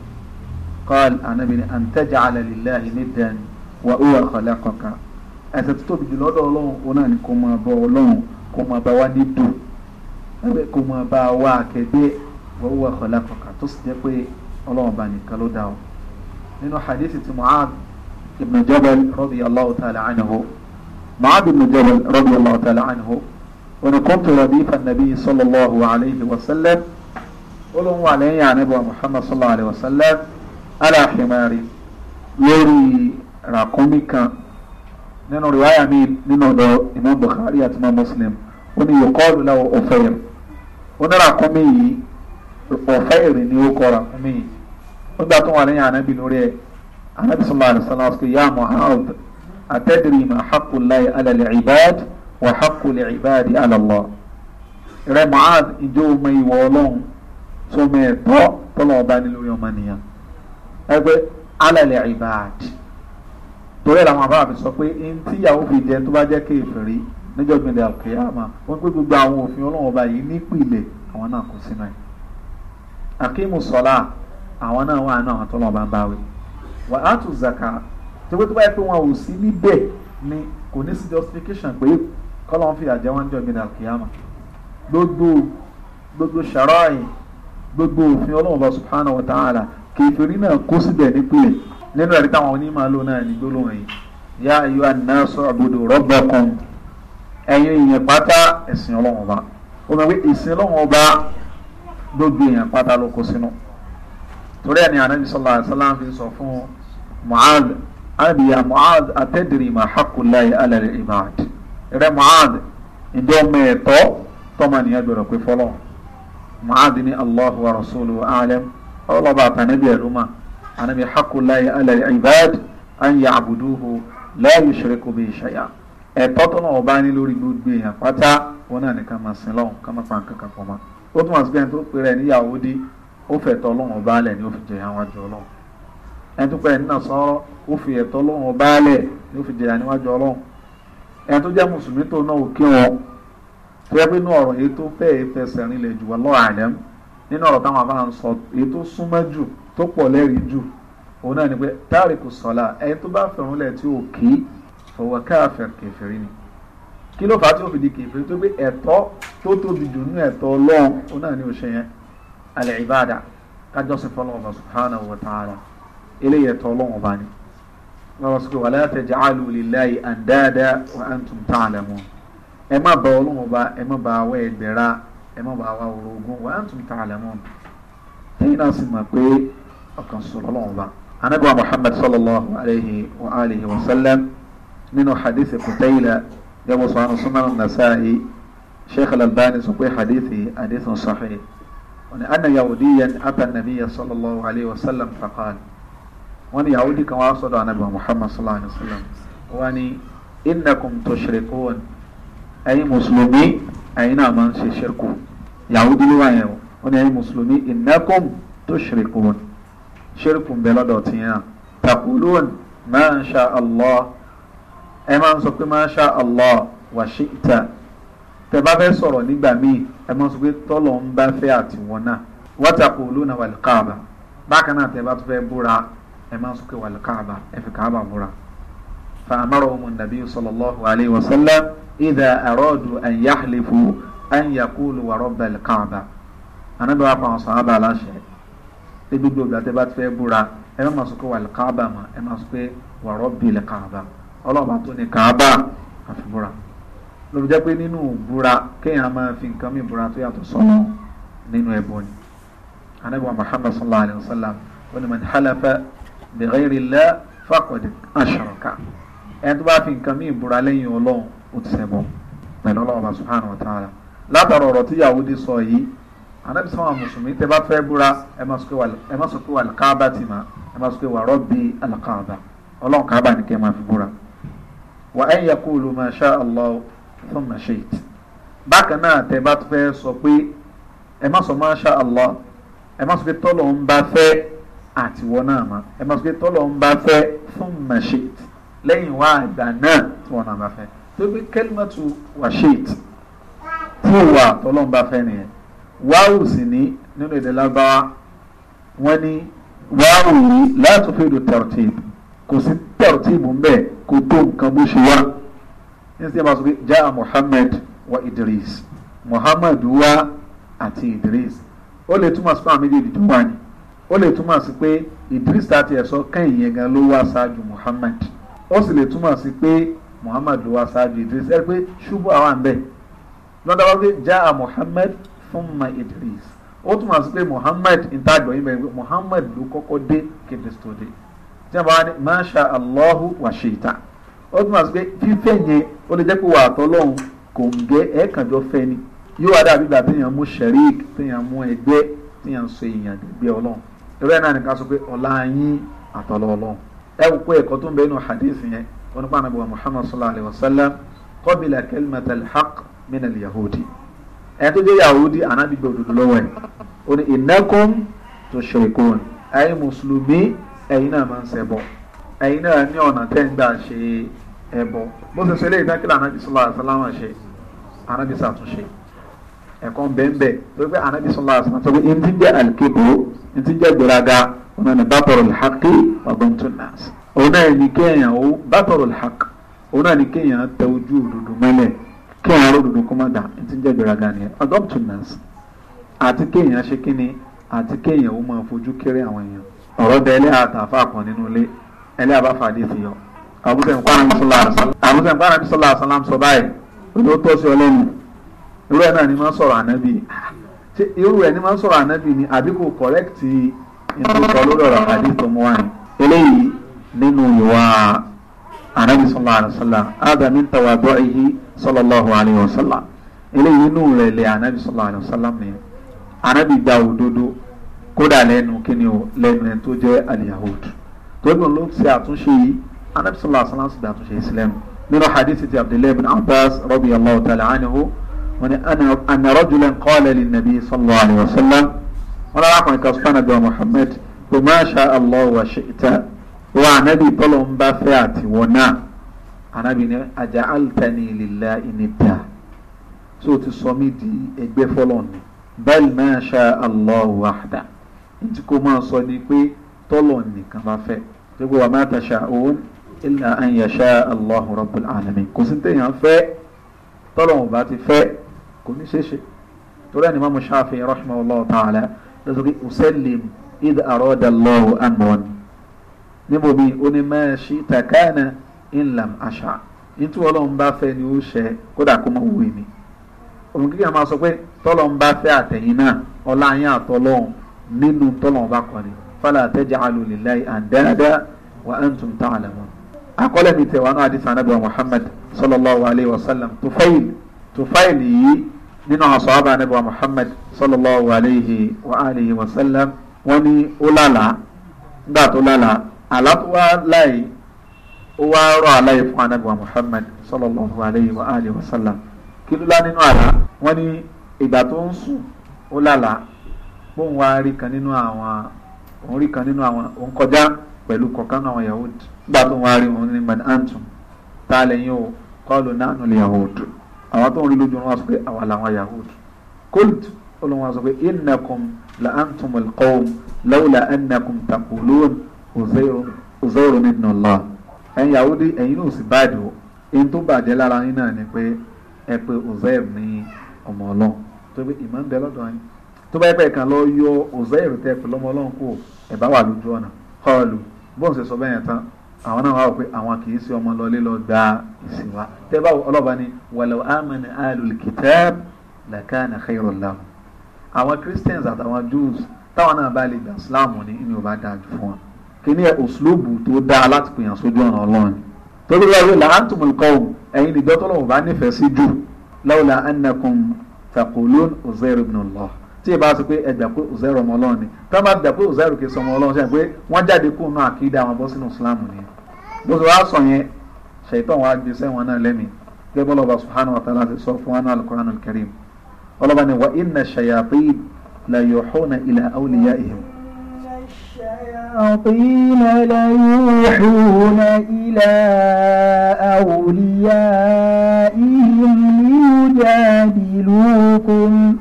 قال أنا بني أن تجعل لله ندا وهو خلقك ẹ̀ṣẹ̀ tó tóbi jùlọ lọ́dọ̀ Ọlọ́run òun náà ni kò máa bọ Ọlọ́run kò máa bá wa nídò ẹgbẹ kò máa bá wa akẹgbẹ wọwọ ọkọlá kọkà tó sì jẹ pé Ọlọ́run bá nìkan ló dá o nínú hadith ti Mu'ad ibn Jabal radiyallahu ta'ala anhu Mu'ad ibn Jabal radiyallahu ta'ala anhu wọn kuntu radifa nabi sallallahu alayhi wa sallam Ọlọ́run wà lẹ́yìn àníbọ Muhammad sallallahu alayhi wa sallam aláàfimárì lórí ràkúnmí kan nínú rìwáyà mi nínú ọ̀dọ̀ imam bukhari àti imam muslim ó ní yòókọ́ọ̀lù láwọn ọ̀fẹ́yẹm ó ní ràkúnmí yìí ọ̀fẹ́yẹrì ni ó kọ ràkúnmí yìí ó gbà tó wà lẹ́yìn anábì lórí ẹ̀ anábì sallallahu alaihi wasallam sọ yá muhammad atadiri ma haqqulahi ala al-ibad wa haqqul ibadi ala Allah rẹ̀ muhammad ìjọ́ ọmọ ìwọ ọlọ́run tó mẹ́ẹ̀tọ́ tọ́lọ́ ọba nílùú ọmọ nìyàn ẹgbẹ́ alẹ́lẹ̀ ìbàdí torí ẹ̀ làwọn àbára fi sọ pé ẹni tí ìyàwó fi jẹ tó bá jẹ́ kéèfèrí níjọ́ gbìndẹ̀ àkèyàmà wọ́n pé gbogbo àwọn òfin ọlọ́run ọba yìí nípìnlẹ̀ àwọn náà kò sínú ẹ̀ akíìmù sọ́lá àwọn náà wà náà tó lọ́ọ́ bá ń báwí wà á tù zaka tó pé tó bá yẹ pé wọn ò sí níbẹ̀ ni kò ní sí justification pé kọ́lọ́n fìyà jẹ wọ́n níjọ́ gbìndẹ̀ àkèyàmà gbogbo gbogbo ṣàrọ́ọ̀yìn gbogbo òfin ọlọ́run ọba subhanahu wa ta'ala kèfèrí náà kó síbẹ̀ nípìnlẹ̀ nínú ẹ̀rí táwọn onímọ̀ lò náà ní gbólóhùn yìí yá ayọ́ ànáṣọ àbúdò rọ́bọ̀kan ẹ̀yin èèyàn pátá ẹ̀sìn ọlọ́run ọba ó mọ̀ pé ìsìn ọlọ́run ọba gbogbo èèyàn pátá ló kó sínú torí ẹ̀ ní anabi sallallahu alaihi fi sọ fún mu'ad anabi ya mu'ad atadri ma haqqulahi ala al rẹ mu'ad ìjọ mẹ́ẹ̀tọ́ tọ́mọ nìyẹn gbọ́dọ̀ pé fọlọ́ mu'ad ní allahu wa rasuluhu a'lam ọlọ́ba àtànẹ́bí ẹ̀rú mà ànàbí hakulayi alẹ́ ibad an ya'buduhu la yushriku bihi shay'a ẹ̀tọ́ tó náà ọba ní lórí gbogbo èèyàn pátá wọn náà ní ká máa sin lọ́hùn ká máa pa nǹkan kan pọ̀ mọ́ ó tún wá sí bẹ́ẹ̀ tó pe rẹ̀ níyàwó dí ó fẹ̀tọ́ lọ́hùn ọba alẹ̀ ni ó fi jẹyà wájú ọlọ́hùn ẹni tó pe rẹ̀ nínà sọ́rọ́ ó fi ẹ̀tọ́ lọ́hùn ọba alẹ̀ ni ó fi jẹyà níwájú ọlọ́hùn ẹni tó jẹ́ mùsùlùmí tó náà ò kí wọn tó yẹ pé inú ọ̀rọ̀ yìí tó fẹ́ẹ́ fẹsẹ̀ rinlẹ̀ jù wọ́n lọ́ọ̀ nínú ọ̀rọ̀ táwọn afárá ń sọ èyí tó súnmọ́ jù tó pọ̀ lẹ́rìí jù òun náà ni pé táàríkù sọ̀la ẹni tó bá fẹ̀rún lẹ̀ tí ò kí fọwọ́ káàfẹ̀ kẹfẹ́rí ni kí ló fà á tí ó fi di kẹfẹ́rí tó pé ẹ̀tọ́ tó tóbi jù nínú ẹ̀tọ́ ọlọ́run òun náà ni ò ṣe yẹn alẹ́ ìbáàdà kájọ́sìn fọlọ́ọ̀bà subhanahu ọba ni wọ́n ẹ má bàa wá orogún wa antum ta'lamun ẹ̀yin náà sì mọ̀ pé ọkàn sọ̀rọ̀ lọ́wọ́ bá. anabiwa muhammad sallallahu alayhi wa alihi wa sallam nínú hadith kutayla yẹ́wọ́ sọ̀rọ̀ sunan nasa'i sheikh al-albani sọ pé hadith hadith sahih wọ́n anna yahudiyan ata nabiya sallallahu alayhi wa sallam faqal wọ́n ní yahudi kan wá sọ́dọ̀ anabiwa muhammad sallallahu alayhi wa sallam wọ́n ní innakum tushrikun ẹ̀yin mùsùlùmí ẹ̀yin náà máa ń ṣe ṣirku. Yahudi ló wà yẹn o wọn ni ẹ̀yin mùsùlùmí innakum tushrikun ṣírìkù ń bẹ lọ́dọ̀ tí yẹn taqulun ma sha Allah ẹ máa ń sọ pé ma sha Allah wa shi'ta tẹ bá fẹ́ sọ̀rọ̀ nígbà míì ẹ máa ń sọ pé tọ́lọ̀ ń bá fẹ́ àtiwọn náà wa taquluna wal Kaaba bákan náà tẹ bá fẹ́ búra ẹ máa ń sọ pé wal Kaaba ẹ fi Kaaba búra. فأمرهم النبي صلى الله عليه وسلم إذا أرادوا أن يحلفوا an yakulu wa rabbal kaaba anabi wa pàwọn sàábà aláṣẹ ní gbogbo ìgbà tẹ bá ti fẹ́ búra ẹ má sọ pé wà káàbà mà ẹ má sọ pé wa rabbil kaaba ọlọ́ọ̀bà tó ní káàbà àfi búra lóbi jẹ́ pé nínú kéèyàn máa fi nǹkan mi búra tó yàtọ̀ sọ́nà nínú ẹ̀bùn anabi wa muhammad sallallahu alayhi wa sallam wọn ni man halafa bi ghayri Allah faqad ashraka ẹni fi nǹkan mi búra lẹ́yìn ọlọ́run ó ti ṣẹbọ pẹ̀lú ọlọ́ọ̀bà subhanahu wa ta'ala látara ọ̀rọ̀ tí Yahudi sọ yìí anabi sọ́wọ́n mùsùlùmí tẹ́ bá fẹ́ búra ẹ má sọ pé wà lùkàbà tì má ẹ má sọ pé wà rọ́bì àlùkàbà ọlọ́run kàbà ni kẹ́ máa fi búra. wà á yẹ kó lu masha allah fún masheet bákan náà tẹ́ bá fẹ́ sọ pé ẹ má sọ masha allah ẹ má sọ pé tọ́lọ̀ ń bá fẹ́ àtiwọ́ náà má ẹ má sọ pé tọ́lọ̀ ń bá fẹ́ fún masheet lẹ́yìn wá àgbà náà tí wọ́n náà bá fẹ́ tó gbé tí ìwà tọ́lọ́run bá fẹ́ nìyẹn wáwù sì ní nínú èdè lábáwá wọ́n ní wáwù yìí láti fi lu tẹ̀rọ̀tìbù kò sí tẹ̀rọ̀tìbù mbẹ́ kò tó nǹkan bó ṣe wá ní sèé bá sọ pé jaa Muhammad wa Idris Muhammad wa àti Idris ó lè túmọ̀ sí fún àmì ìdí tó wà ó lè túmọ̀ sí pé Idris àti ẹ̀sọ́ kẹ́yìn yẹn gan ló wá ṣáájú Muhammad ó sì lè túmọ̀ sí pé Muhammad ló wá ṣáájú Idris ẹ pé ṣubú àwọn àbẹ̀ lọ́dọ̀ wá pé jaa Muhammad thumma Idris ó túmọ̀ sí pé Muhammad ìtajọ̀ yìí mẹ́rin Muhammad ló kọ́kọ́ dé kéde tó dé tí wọ́n bá wá ní masha Allahu wa shi'ta ó túmọ̀ sí pé fífẹ́ yẹn ó lè jẹ́ pé wà á tọ́lọ́hún kò ń gẹ́ ẹ̀ẹ́kànjọ́ fẹ́ ni yóò wá dàbí gbà téèyàn mú sherik téèyàn mú ẹgbẹ́ téèyàn so èèyàn gbẹgbẹ́ ọlọ́run irú náà nìkan sọ pé ọ̀la yín àtọ̀lọ́ ọlọ́run ẹ wò pé ẹ̀kọ́ tó ń bẹ nínú hadith yẹn wọn nípa ànábì minal yahudi ẹni tó jẹ́ yahudi anabi gbé òdodo lọ́wọ́ ẹ̀ ó ní innakum tushrikun ẹ̀yin mùsùlùmí ẹ̀yin náà máa ń ṣẹbọ ẹ̀yin náà ní ọ̀nà tẹ́ ń gbà ṣe ẹbọ bó ṣe ṣe lè dákìlá anabi sallallahu alaihi wasallam ṣe anabi ṣàtúnṣe ẹ̀kọ́ bẹ́ẹ̀nbẹ́ tó gbé anabi sallallahu alaihi wasallam sọ pé ntí jẹ́ alikébúrú ntí jẹ́ gbéraga ọ̀nà ni bàtọ̀rọ̀ lẹ́hàkì ọ̀gbọ̀ntún náà ọ̀nà ni kéèyàn bàtọ̀rọ̀ lẹ́hàkì ọ̀nà ni kéèyàn tẹ ojú òdodo mẹ́lẹ̀ kí àwọn olódodo kó má dà ti jẹ́ ìgbéraga nìyẹn adoptiveness àti kéèyàn ṣe kíni àti kéèyàn ó máa fojú kéré àwọn èèyàn ọ̀rọ̀ bẹ ẹlẹ́ àtàfà kan nínú ilé ẹlẹ́ àbáfàdé fi yọ àbúsẹ̀ǹkọ́ àràbí sọlá àsálàm sọ báyìí ló tọ́ sí ọ lẹ́nu irú ẹ̀ náà ni máa ń sọ̀rọ̀ ànábì ṣé irú ẹ̀ ni máa ń sọ̀rọ̀ ànábì ni àbí kò kọ̀rẹ́kìtì ìtòkọ̀ lórí ọ̀rọ̀ àdé tó mú wáyé eléyìí nínú ìwà ànábì sọlá àràsálà ádámí tàwádọ́ ìhí sallallahu alayhi wa sallam eléyìí inú rẹ̀ lẹ̀ anabi sallallahu alayhi wa sallam ni anabi gba òdodo kódà lẹ́nu kíni o lẹ́nu ẹ̀ tó jẹ́ aliyahud tóbi ló ṣe àtúnṣe yìí anabi sallallahu alayhi wa sallam sì gba àtúnṣe islam nínú hadith ti abdullahi bin abbas radiyallahu ta'ala anhu wọn ana ana rajulan qala lin nabi sallallahu alayhi wa sallam wọn lára kan ìka bíi muhammad bùmáṣà allah wa ṣèta wọn anabi tọ́lọ̀ ń bá fẹ́ àtiwọ́n náà anabi ni ajá altani lila inida tí o ti sọ mí di ẹgbẹ́ fọlọ́n ni bal ma sha Allah wahda ntí kò máa sọ ni pé tọ́lọ̀ nìkan bá fẹ́ gbogbo wa ma tasha'un illa an yasha Allah rabbul alamin kò sí téèyàn fẹ́ tọ́lọ̀ wọn bá ti fẹ́ kò ní ṣeéṣe torí ẹni máa mu Shafi rahimahullah ta'ala lọ́sọ̀rọ̀ usallim id arada Allahu amran níbo mi onímọ̀ ṣì takana inlam asha nítorí ọlọ́run bá fẹ́ ni ó ṣe kódà kó mọ̀ wù mí òun kíkẹ́ máa sọ pé tọ́lọ́run bá fẹ́ àtẹ̀yìn náà ọlá yín àtọ́lọ́run nínú tọ́lọ́run bá kọ́ ni fala taj'alu lillahi andada wa antum ta'lamun. akọ́lẹ̀ mi tẹ̀wá náà àdìsá anábìá muhammad sallallahu alayhi wa sallam tufail tufail yìí nínú àṣọ àbá anábìá muhammad sallallahu alayhi wa alihi wa sallam ó wá rọ àlàyé fún anagba Muhammad sallallahu alayhi wa alihi wa sallam kí ló lá nínú àlá wọn ní ìgbà tó ń sùn ó lálàá bóun wá rí kan nínú àwọn òun rí kan nínú àwọn òun kọjá pẹ̀lú kọ̀ọ̀kan àwọn Yahud nígbà tó ń wá rí òun ní man antum tá a lẹ́yìn o kọ́ọ̀lù náà lè Yahud àwọn tó ń rí lójú wọn sọ pé àwọn làwọn Yahud kult olùwọ̀n sọ pé innakum la antumul qawm lawla annakum taqulun uzairun ibn Allah ẹ̀yin Yahudi ẹ̀yin náà sì báàdì o èyí tó bàjẹ́ lára yín náà ni pé ẹ pé Uzair ní ọmọ ọlọ́run tó pé ìmọ̀ ń bẹ lọ́dọ̀ yín tó bá yẹ pé ẹ̀kan lọ yọ Uzair tẹ pẹ̀lú ọmọ ọlọ́run kù ẹ̀ bá wà lójú ọ̀nà kọ́ọ̀lù bóun ṣe sọ bẹ́ẹ̀ yẹn tán àwọn náà wà wọ pé àwọn kì í ṣe ọmọ lọlé lọ gba ìsìn wa tẹ bá ọlọ́ba ni walaw amana ahlul kitab lakana àwọn Christians àtàwọn Jews táwọn náà bá lè gbà Islam ní ìní ò bá dáa jù fún wọn kíní ẹ̀ òṣùlóòbù tó dáa láti pèèyàn sójú ọ̀nà ọlọ́run torí wọ́n wí làántumul qawm ẹ̀yin ìjọ tó lọ́wọ́ bá nífẹ̀ẹ́ sí jù lawla annakum taqulun Uzair ibn Allah tí ìbá sọ pé ẹgbà pé Uzair ọmọ ọlọ́run ni tí wọ́n bá gbà pé Uzair kì í sọmọ ọlọ́run ṣe pé wọ́n jáde kó nù àkídà wọn bọ́ sínú Islam ni bó ṣe wàá sọ yẹn ṣètò wọn àgbè sẹ́wọ̀n náà lẹ́mìí gẹ́gẹ́ bọ́lá
الشياطين ليوحون إلى أوليائهم ليجادلوكم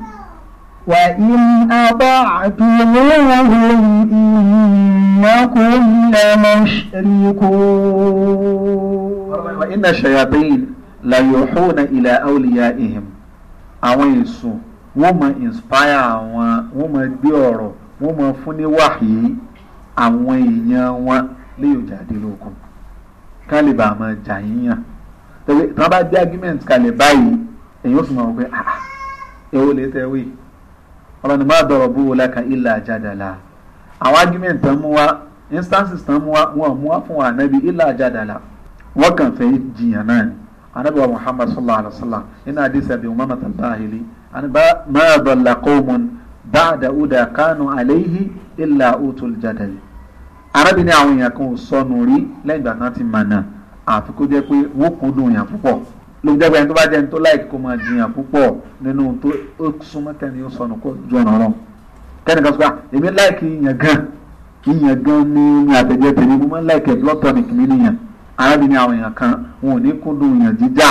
وإن أطعتموهم إنكم
لمشركون وإن الشياطين ليوحون إلى أوليائهم àwọn وما wọ́n وما inspire àwọn wọ́n máa fún ní wàhíì àwọn èèyàn wọn léyò jáde lókun ká lè bá máa jà yíyàn tẹ̀wé tí wọ́n bá dé argument kalẹ̀ báyìí èèyàn ó sì máa wọ pé ah, ah èwo lè tẹ̀ wí ọlọ́ni má dọ̀rọ̀ bú wo láka ilà àjàdàlà àwọn argument tán mú wá instances tán mú wá wọn mú wá fún wa ànábi ilà àjàdàlà wọ́n kàn fẹ́ jiyàn náà ni ànábi wa muhammad sallallahu alayhi wa sallam iná àdìsí àbí umar matan bahili má dọ̀là qawmun ba'da arábìnrin àwọn èèyàn kan ò sọnù rí lẹ́yìn ìgbà náà ti mànà àfi kó jẹ́ pé wọ́n kún dùn yàn púpọ̀ ló jẹ́ pé ẹni tó bá jẹ́ ẹni tó láìkí kó máa jiyàn púpọ̀ nínú tó ó súnmọ́ tẹ́ni ó sọnù kó ju ọ̀nà ọ̀rọ̀ kẹ́nìkan sọ pé ah, èmi láìkí yàn gan yíyan gan ní ní àtẹ̀jẹ́ tèmi mo máa ń láìkí lọ́tọ̀ ní kìíní nìyàn arábìnrin àwọn èèyàn kan wọn ò ní kún dùn yàn jíjà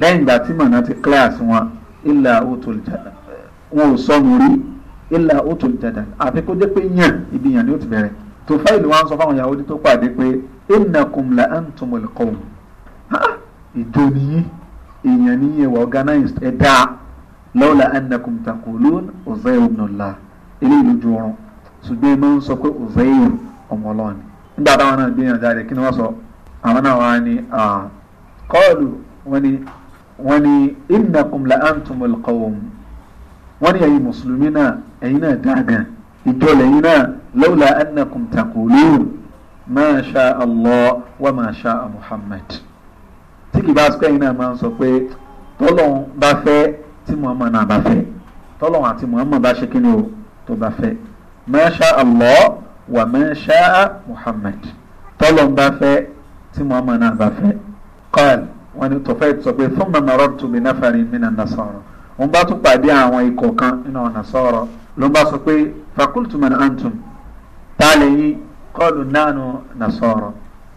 lẹ́yìn ìgbà tí màná ti kíláàsì wọn ilà òtòlù jàdà wọn ò sọnù rí ilà òtòlù jàdà àfi kó jẹ́ pé yàn ibi yàn ni ó ti bẹ̀rẹ̀ Tufailu wa ń sọ fáwọn Yahudi tó pàdé pé innakum la antumul qawm ìjọ nìyí èèyàn nìyí wà organized ẹ dáa lawla annakum taqulun Uzairu ibnullah eléyìí lójú ọrùn ṣùgbọ́n ẹ máa ń sọ pé Uzairu ọmọ Ọlọ́run nígbà táwọn náà gbìyànjú jáde kí ni wọ́n sọ àwọn náà wá ní qalu wọ́n ní wọ́n ní innakum la antumul qawm wọ́n ní ẹ̀yin mùsùlùmí náà ẹ̀yin náà dáa gan-an ìjọ lẹ́yìn náà lawla annakum taqulun ma sha Allah wa ma sha Muhammad tí kì bá sọ́kẹ́ yìí náà máa ń sọ pé tọ́lọ́hún bá fẹ́ tí Muhammad náà bá fẹ́ tọ́lọ́hún àti Muhammad bá ṣe kíni o tó bá fẹ́ ma sha Allah wa ma sha Muhammad tọ́lọ́hún bá fẹ́ tí Muhammad náà bá fẹ́ kọ́ọ̀lù wọ́n ní tọfẹ sọ pé fún mẹmọrọ tùmí náfàrí mina nasọrọ wọ́n sọ̀rọ̀ ló fakultu man antum taale yi qalu nanu nasara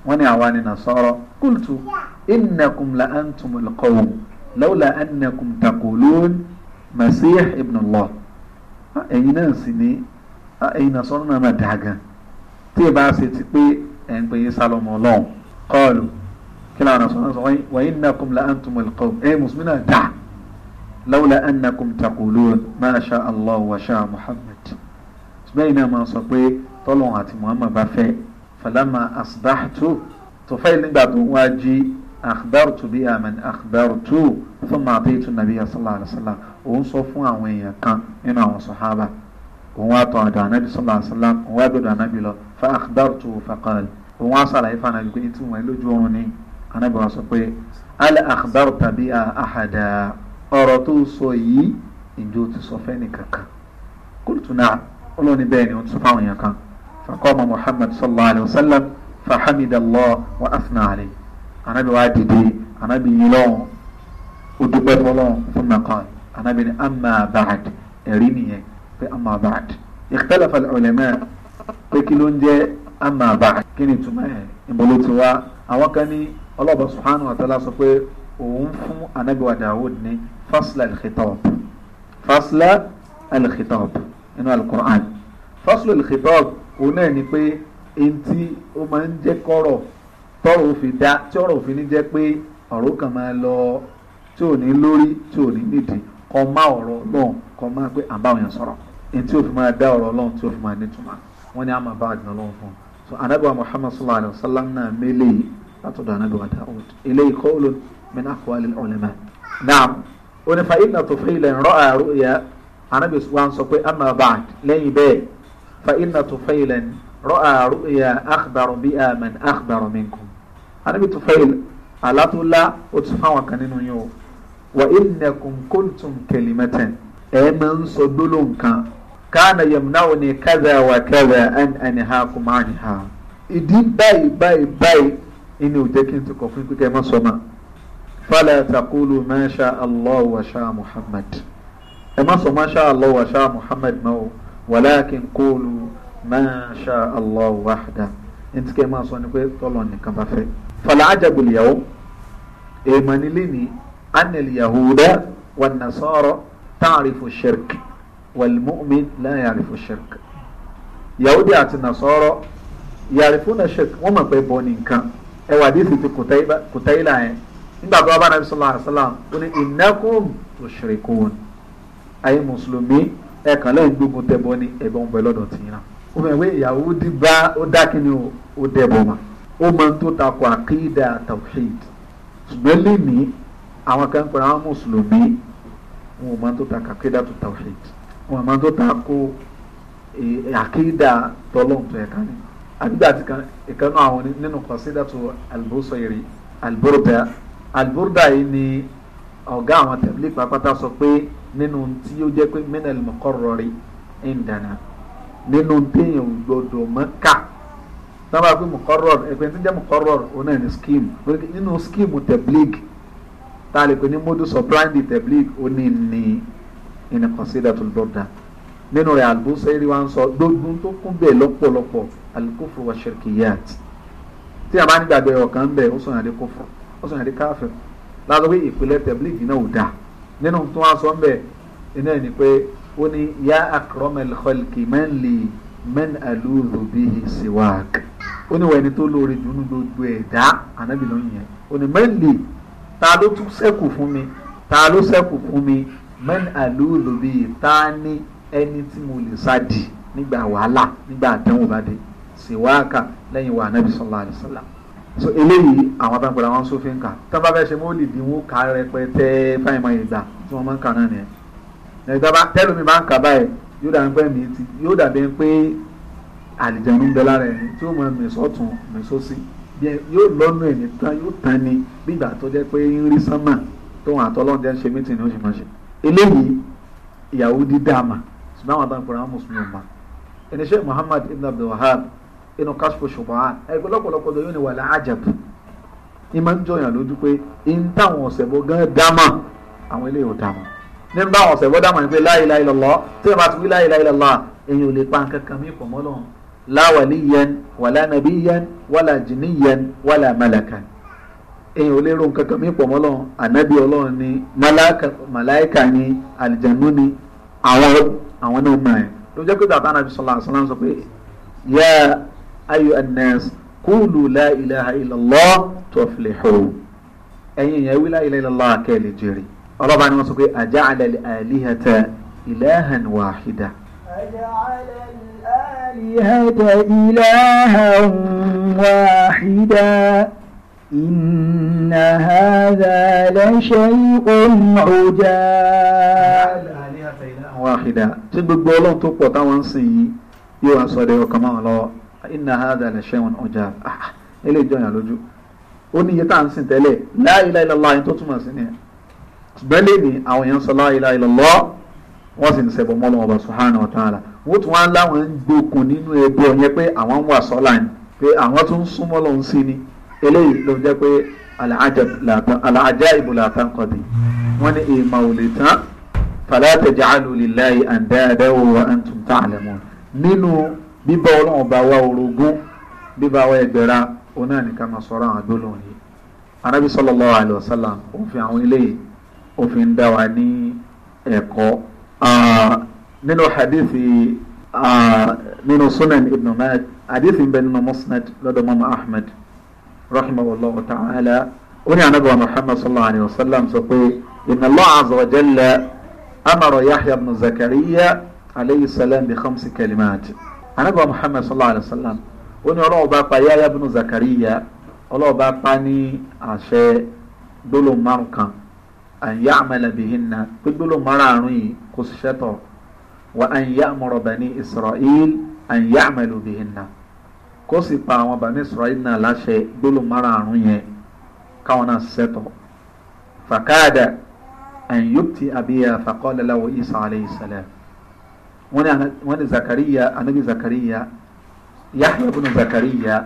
wani awani nasara kultu innakum la antum alqawm lawla annakum taqulun masih ibn allah ẹ̀yin náà sì ni ẹ̀yin nasara náà máa dáa gan tí ẹ bá ṣe ti pé ẹ ń pè é sálọmọ Ọlọ́run qalu kí lóò nasara sọ wa innakum la antum alqawm ẹ mùsùlùmí náà lawla annakum taqulun ma allah wa sha muhammad bẹ́ẹ̀ náà máa sọ pé tọ́lọ́hún àti muhammad bá fẹ́ falama asbahtu tufayl nígbà tó ń wá jí akhbartu bi aman akhbartu thumma ataytu nabiyya sallallahu alayhi wa sallam òun sọ fún àwọn èèyàn kan nínú àwọn sọ̀hábà òun wá tọ̀ àdó anabi sallallahu alayhi wa sallam òun wá dọ̀dọ̀ anabi lọ fa akhbartu faqal òun wá sàlàyé fún anabi pé tí wọ́n lójú oorun ni anabi wa sọ pé ala akhbarta bi ahada ọ̀rọ̀ tó sọ yìí ìjọ ti sọ fẹ́ nìkankan qultu na'am olóòní bẹ́ẹ̀ ni ó ń sọ fáwọn èèyàn kan fàkọ́mọ muhammad sallallahu alayhi wa sallam fahamidallah wa asna alayhi anabi wa dìde anabi yìí lọ́wọ́ ó dúpẹ́ fọlọ́wọ́ fún nàkan anabi ni amma ba'd ẹ̀rí nìyẹn pé amma ba'd ikhtalafa al-ulama pé kí ló ń jẹ́ amma ba'd kí ni túmọ̀ ẹ̀ ìbọ̀ló ti àwọn kan ní ọlọ́ọ̀bà subhanahu wa sọ pé òun fún anabi wa dawud ní fasla al-khitab fasla nínú alukur'an fásilò lìkìtọ́b òun náà ni pé èyí tí ó máa ń jẹ́ kọ́rọ̀ tọ́rọ̀ òfin dá tí ọ̀rọ̀ òfin ní jẹ́ pé ọ̀rọ̀ kan máa lọ tí ò ní lórí tí ò ní nídìí kọ́ má ọ̀rọ̀ náà kọ́ má pé àbáwọn yẹn sọ̀rọ̀ èyí tí máa dá ọ̀rọ̀ náà tí ó máa nítumọ̀ wọ́n ní àmà bá àdìmọ́ lọ́wọ́ fún un so anabiwa muhammad sallallahu alayhi wa sallam náà mélé látọ̀dọ̀ anabiwa anabi wa sọ pé amma ba'd lẹ́yìn bẹ́ẹ̀ fa inna tufailan ra'a ru'ya akhbaru biha man akhbaru minkum anabi tufail alatula o ti fáwọn kan nínú yín o wa innakum kuntum kalimatan ẹ̀ máa ń sọ gbólóhùn kan kana yamna'uni kaza wa kaza an anhaakum anha ìdí báyìí báyìí báyìí ìní ò jẹ́ kí n ti kọ̀ fún kíkẹ́ mọ́sọ́mà fala taqulu ma sha Allah wa sha ẹ má sọ máṣá allah wa ṣá muhammad mọ́ o wàlákin kóòlù máṣá allah wahda ẹ ti kẹ́ ẹ máa sọ ni pé tọ́lọ̀ nìkan bá fẹ́. fàlà àjàgbìlì yàwó èèmọ̀ nílé ni anil yahuda wa nasara ta'rifu shirk walmu'min la ya'rifu shirk yahudi àti nasara ya'rifuna shirk wọ́n mọ̀ pé bọ́ ní nǹkan ẹ wà dí ìsìtì kùtàyìlà yẹn nígbà tó wà bá nàbí sallallahu alaihi wasallam ó ní innakum tushrikun ayé mùsùlùmí ẹ kàn lẹ́yìn gbógun tẹ̀bọ ni ẹ̀bọ ń bẹ lọ́dọ̀ tì í náà ó fẹ́ wé Yahudi bá ó dá kíni ó dẹ̀bọ mà ó máa ń tó takò àkídà tawhid ṣùgbọ́n lèmi àwọn kan pẹ̀lú àwọn mùsùlùmí wọn máa ń tó takò àkídà tó wọn máa ń tó takò àkídà tọ́lọ́ǹtò ẹ̀ka ni àdúgbò àti ìkànnì àwọn nínú kọ̀sídà tó Al-Busayri Al-Burda Al-Burda yìí ni nínú tí ó jẹ́ pé minal muqarrari indana nínú téèyàn gbọdọ̀ mọ́kà tábà pé muqarrar ẹ̀pẹ́ tí jẹ́ muqarrar òun náà ní scheme nínú scheme tablig tá a lè pè ní modus operandi tablig ó ní ní ìní considatul burda nínú rẹ̀ al-Busayri wa ń sọ gbogbo tó kún bẹ́ẹ̀ lọ́pọ̀lọpọ̀ al-kufru wa shirkiyat tí a bá nígbàgbé ọ̀kan bẹ́ẹ̀ ó sọ̀rọ̀ àdé kufru ó sọ̀rọ̀ àdé káfíìn látọ̀ pé ìpìlẹ̀ tablig náà ò dáa nínú tó wá sọ mbẹ iná ni pé ó ní ya akramal khalqi man li man aludhu bihi siwak ó ní wẹni tó lóore dùnú gbogbo ẹ̀dá ànábì ló ń yẹn ó ní man li ta ló tún ṣẹ́kù fún mi ta ló ṣẹ́kù fún mi man aludhu bihi ta ní ẹni tí mo lè sá nígbà wàhálà nígbà àdánwò bá dé siwaka lẹ́yìn wa ànábì sallallahu alaihi wasallam so eléyìí àwọn tá n pèrè àwọn sófin ń kà tá n bá fẹ́ ṣe mọ́ lìdí wọn kà rẹpẹtẹ fáyìn mọ́ ìgbà tí wọ́n máa ń kà náà nìyẹn ẹ̀dá bá tẹ́lómi máa ń kà báyìí yóò dàbí pé mi ti yóò dàbí pé àlìjẹ̀nu ń bẹ lára ẹni tí ó mọ mẹ̀sọ́tún mẹ̀sọ́sí yóò lọ́nu ẹ̀mí tán yóò tán ni nígbà tó jẹ́ pé ń rí sánmà tóun àtọ́lọ́run jẹ́ ń ẹni Sheikh Muhammad ibn Abdul Wahhab inú kásìfò ṣùgbọ́n ẹgbẹ́ lọ́pọ̀lọpọ̀ lóyún ni wàhálà àjẹbù ní máa ń jọyàn lójú pé n táwọn ọ̀sẹ̀bọ gan dámọ̀ àwọn eléyìí ò dámọ̀ ní bá àwọn ọ̀sẹ̀bọ dámọ̀ ni pé la ilaha illallah tí wọ́n bá ti wí la ilaha illallah èyàn ò lè pa nǹkan kan mí pọ̀ mọ́ lọ́hùn la waliyan wala nabiyan wala jiniyan wala malakan èyàn ò lè ro nǹkan kan mí pọ̀ mọ́ lọ́hùn ànábì ọlọ́run ni màláìka ni àlìjánu ni àwọn náà mọ̀ ẹ́ ló pé bàbá ànábì sallallahu alaihi sọ pé yẹ́ ayu annas kúlù la ilaha illallah tuflihu ẹ̀yin ìyẹn wí la ilaha illallah kẹ́lẹ̀ jèrè ọlọ́ba ni wọ́n sọ pé aja'ala al-alihata ilahan wahida. aja'ala
al-alihata ilahan wahida. إن هذا لشيء
عجاب واحدة تبقى لو تبقى تاوانسي يوان صديق كمان الله inna hadha la shay'un ujab ilé ah, ah, ìjọ yàn lójú ó ní iye tá à ń sìn tẹ́lẹ̀ la ilaha illallah yẹn tó túmọ̀ sí ni ṣùgbọ́n lẹ́ni àwọn èèyàn sọ la ilaha illallah wọ́n sì ń ṣẹbọ mọ́lọ́ ọba subhanahu wa ta'ala wọ́n tún wá láwọn ń gbókun nínú ẹbí ọ̀yẹ́ pé àwọn ń wà sọ́là ni pé àwọn tún súnmọ́ lọ́hún sí ni eléyìí ló jẹ́ pé al-ajaibu la tanqadi wọ́n ní ìmọ̀ ò lè tán fala taj'alu lillahi andadan wa antum ta'lamun nínú bíbá ọlọ́run bá wa orogún bíbá wa ẹgbẹ̀ra òun náà ní ká máa sọ̀rọ̀ àwọn gbólóhùn yìí arábí sallallahu alaihi wasallam òfin àwọn eléyìí òfin ń dá wa ní ẹ̀kọ́ nínú hadithi nínú sunan ibn mad hadithi ń bẹ nínú musnad lọ́dọ̀ mọ́mọ́ ahmed rahimahullahu ta'ala ó ní anábọ̀ muhammad sallallahu alaihi wasallam sọ pé inna allah azza wa yahya ibn zakariya alayhi salam bi khamsi kalimaati anabi muhammed sallallahu alayhi wa sallam ó ní ọlọ́wọ́ bá pa yáyá bínú zakariya ọlọ́wọ́ bá pa ní àṣẹ gbólóhùn márùn kan àyà àmàlàbìhìnà pé gbólóhùn márùn yìí kò ṣiṣẹ́ tọ̀ wà àyà àmọ̀rọ̀bàní israel àyà àmàlàbìhìnà kó sì pa àwọn bàmí israel náà láṣẹ gbólóhùn márùn yẹn káwọn náà ṣiṣẹ́ tọ̀ fàkàdà àyùbtì àbíyà faqala isa alayhi salam wọ́n ní Zakariya anabi Zakariya Yahya bin Zakariya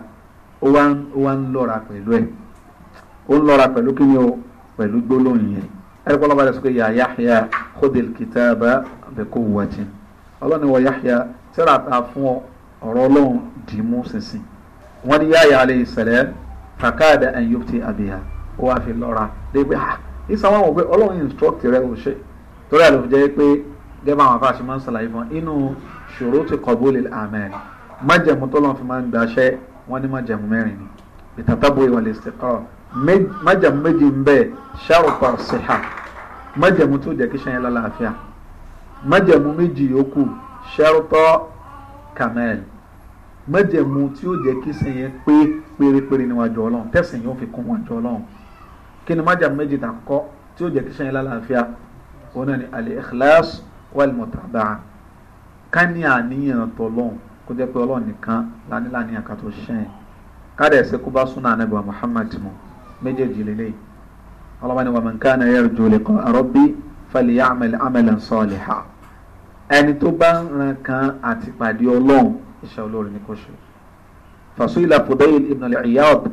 ó wá ń lọ́ra pẹ̀lú ẹ̀ ó ń lọ́ra pẹ̀lú kí ni o pẹ̀lú gbólóhùn yẹn ẹ̀rọ kọ́lọ́ba rẹ̀ sọ pé yà Yahya khudil kitaba bi quwwatin ọlọ́ni wọ Yahya tẹ́lá ta fún ọ ọ̀rọ̀ ọlọ́run dì sísìn wọ́n ní Yahya alayhi salam fàkàdà an yubti abiha ó wá fi lọ́ra dé pé ah pé ọlọ́run instruct rẹ̀ ò ṣe torí àlọ́ fi jẹ́ pé gẹ́gẹ́ àwọn afáàṣẹ máa ń ṣàlàyé fún inú ṣurutu qabulil a'mal májẹ̀mú tó lọ́n fi máa ń gbaṣẹ́ wọ́n ní májẹ̀mú mẹ́rin ni ìtàtàbọ̀ ìwà lè ṣèkọ́ májẹ̀mú méjì ń bẹ ṣàrùpà ṣìhà májẹ̀mú tó jẹ́ kí ṣe yẹn lálàáfíà májẹ̀mú méjì yòókù ṣàrùpà kamel májẹ̀mú tí ó jẹ́ kí ṣe yẹn pé pérépéré níwájú ọlọ́run tẹ̀sán yóò fi kún wájú ọlọ́run kí ni májẹ̀mú méjì tàkọ́kọ́ tí ó jẹ́ kí ṣe yẹn lálàáfíà òun ni al-ikhlas wal mutaba'a ká ní àníyàn tọlọ́hún kó jẹ́ pé ọlọ́run nìkan láníláníyàn ká tó ṣẹ́yìn káàdà ẹ̀sẹ̀ kó bá súnà ànábì wa Muhammad mu méjèèjì lélẹ́yìí ọlọ́ba ni wa man kana yarju liqa'a rabbi falya'mal 'amalan salihan ẹni tó bá ń ran kan àti pàdé ọlọ́run iṣẹ́ olóore ni kò ṣe. fasila Fudayl ibn al-Iyad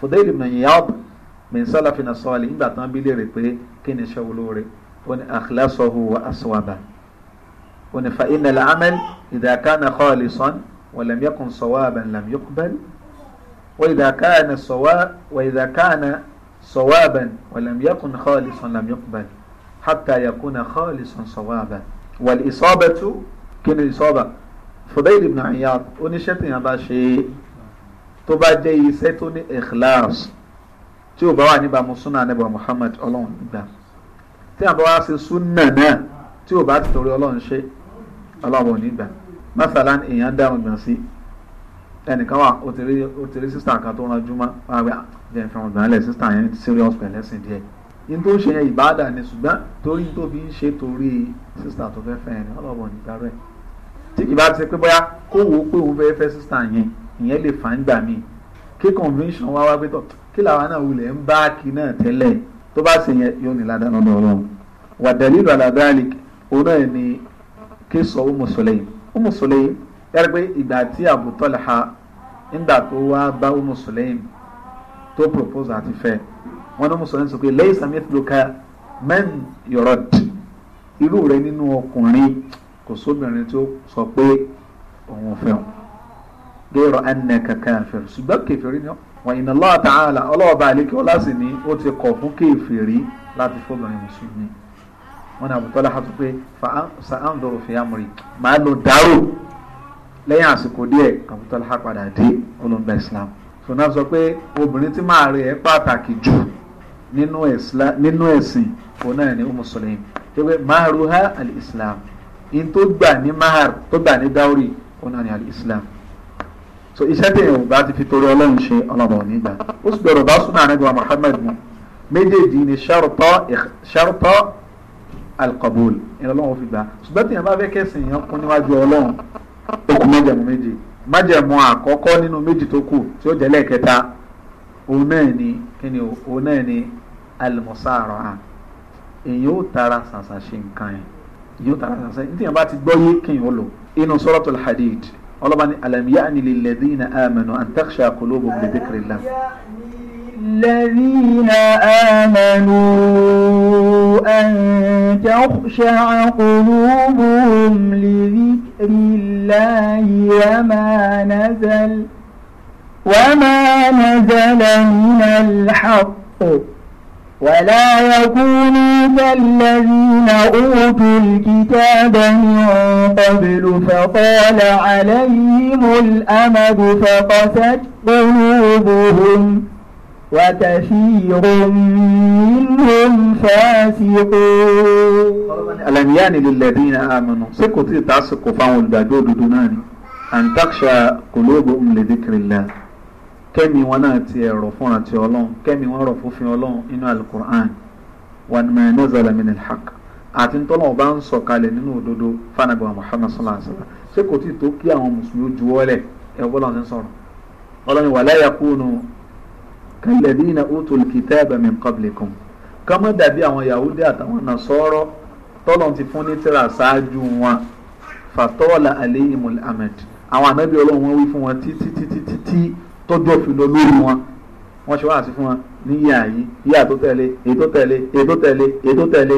Fudayl ibn al-Iyad min salafina salih nígbà tán bí léèrè pé kí ni iṣẹ́ olóore ó akhlasahu wa aswaba òní fa iná làámẹ́lì ìdàkánà khalisan walam yakun sawaban lam yuqbal wa ìdàkánà sawaban walam yakun khalisan lam yuqbal hatta yakuna khalisan sawaban wal isabatu kí ni ìsọ́bà Fudayl ibn Iyad oníṣẹ́ tèèyàn bá ṣe é tó bá jẹ́ iṣẹ́ tó ní ikhlas tí ò bá wà níbàámu súnà níbà Muhammad ọlọ́run nígbà tí àbá wá ṣe súnà náà tí ò bá ti torí ọlọ́run ṣe ọlọ́run ò ní gbà mọ́sálá èèyàn dárun gbọ̀n sí ẹnìkan wà ó ti rí sísítà kan tó ranjú mọ́ wá wí jẹ́ ìfẹ́ wọn gbọ̀n lẹ̀ sísítà yẹn ti serious pẹ̀lẹ́ sìn díẹ̀ yín tó ṣe yẹn ìbáàdà ni ṣùgbọ́n torí tó fi ń ṣe torí sísítà tó fẹ́ fẹ́ yẹn ọlọ́run ò ní gbà rẹ̀ tí ìbá ti ṣe pé bóyá kó wò pé òun fẹ́ fẹ́ sísítà yẹn ìyẹn lè fà ń gbà míì kí convention wá wá pé tọ̀ kí làwọn náà wulẹ̀ ń bá kí náà tẹ́lẹ̀ tó bá ṣe yẹn yóò ní ládàá lọ́dọ̀ ọlọ́run wàdàlí ìlú àlàdáàlì òun náà ni kéésọ Umu Sulaym Umu Sulaym yára pé ìgbà tí Abu Talha nígbà tó wá bá Umu Sulaym tó propose àti fẹ́ wọn ní Umu Sulaym sọ pé laysa mithluka man yurad irú rẹ nínú ọkùnrin kò sóbìnrin tó sọ pé òun ò fẹ́ o gẹ́rọ annaka kafir ṣùgbọ́n kẹfìrí ni wa inna Allah ta'ala ọlọ́ọ̀bà àlékè ó ti kọ̀ fún kẹfìrí láti fọ́bìnrin mùsùlùmí wọn ni àbútọ́lá ha tó pé sàáǹdọ̀rọ̀ fi àmúrí màá lọ dárò lẹ́yìn àsìkò díẹ̀ àbútọ́lá ha padà dé olùgbà islam sọ̀nà sọ pé obìnrin tí màá rẹ̀ ẹ́ pàtàkì jù nínú ẹ̀sìn òun náà ni ó mùsùlùmí pé máa ru ha al-islam in tó gbà ní mahar tó gbà ní dáwórì òun náà ni al-islam so iṣẹ́ tẹ̀yìn ò bá ti fi torí ọlọ́run ṣe ọlọ́run ò ní gbà ó sì gbọ́dọ̀ bá súnà ànágbà Muhammad mu méjèèjì ni ṣàrùtọ́ alikabul ìyẹn ọlọ́run fi gbà ṣùgbọ́n tí yẹn bá fẹ́ kẹ́sìn yẹn kún níwájú ọlọ́run ó kù májẹ̀mú méje májẹ̀mú àkọ́kọ́ nínú méjì tó kù tí ó jẹ́ lẹ́ẹ̀kẹta òun náà ni kíni òun náà ni alimusaaro hàn èyí ó tara sàṣà ṣe nǹkan yẹn èyí ó tara sàṣà ní tí yẹn bá ti gbọ́ yé kíyìn ó lò inú suratul hadid ọlọ́ba ni alam ya'ni lil ladina amanu an takhsha qulubuhum
الذين آمنوا أن تخشع قلوبهم لذكر الله وما نزل وما نزل من الحق ولا يكونوا كالذين أوتوا الكتاب من قبل فطال عليهم الأمد فقست
قلوبهم وكثير منهم فاسقون ألم يأن للذين آمنوا سكوا تتعسقوا فعوا الباجود دوناني أن تخشى قلوبهم لذكر الله kẹ́mi wọn náà ti ẹ̀rọ fúnra ti ọlọ́run kẹ́mi wọn rọ̀ fúnfin ọlọ́run inú alukur'an wọn mẹ nazala min alhaq àti ntọ́nà ọba ń sọ̀kalẹ̀ nínú òdodo fanagba muhammad sallallahu alayhi wa sallam ṣé kò tí tó kí àwọn mùsùlùmí ju wọlé ẹ̀ bọ́lá ọ̀sẹ̀ sọ̀rọ̀ ọlọ́run wàlẹ́ yakunu kàlẹ́dínà utul kitaba min qablikum ká má dàbí àwọn yahudi àtàwọn nasọ́rọ́ tọ́lọ̀ ti fún ní tírà ṣáájú wọn fatọ́ọ̀lá aleyhimul amad àwọn ànábì ọlọ́run wọn wí fún wọn títí títí títí tọ́jọ́ fi lọ lórí wọn wọ́n ṣe wá sí fún wọn ní yíyà yìí yíyà tó tẹ̀lé èyí tẹ̀lé èyí tẹ̀lé èyí tẹ̀lé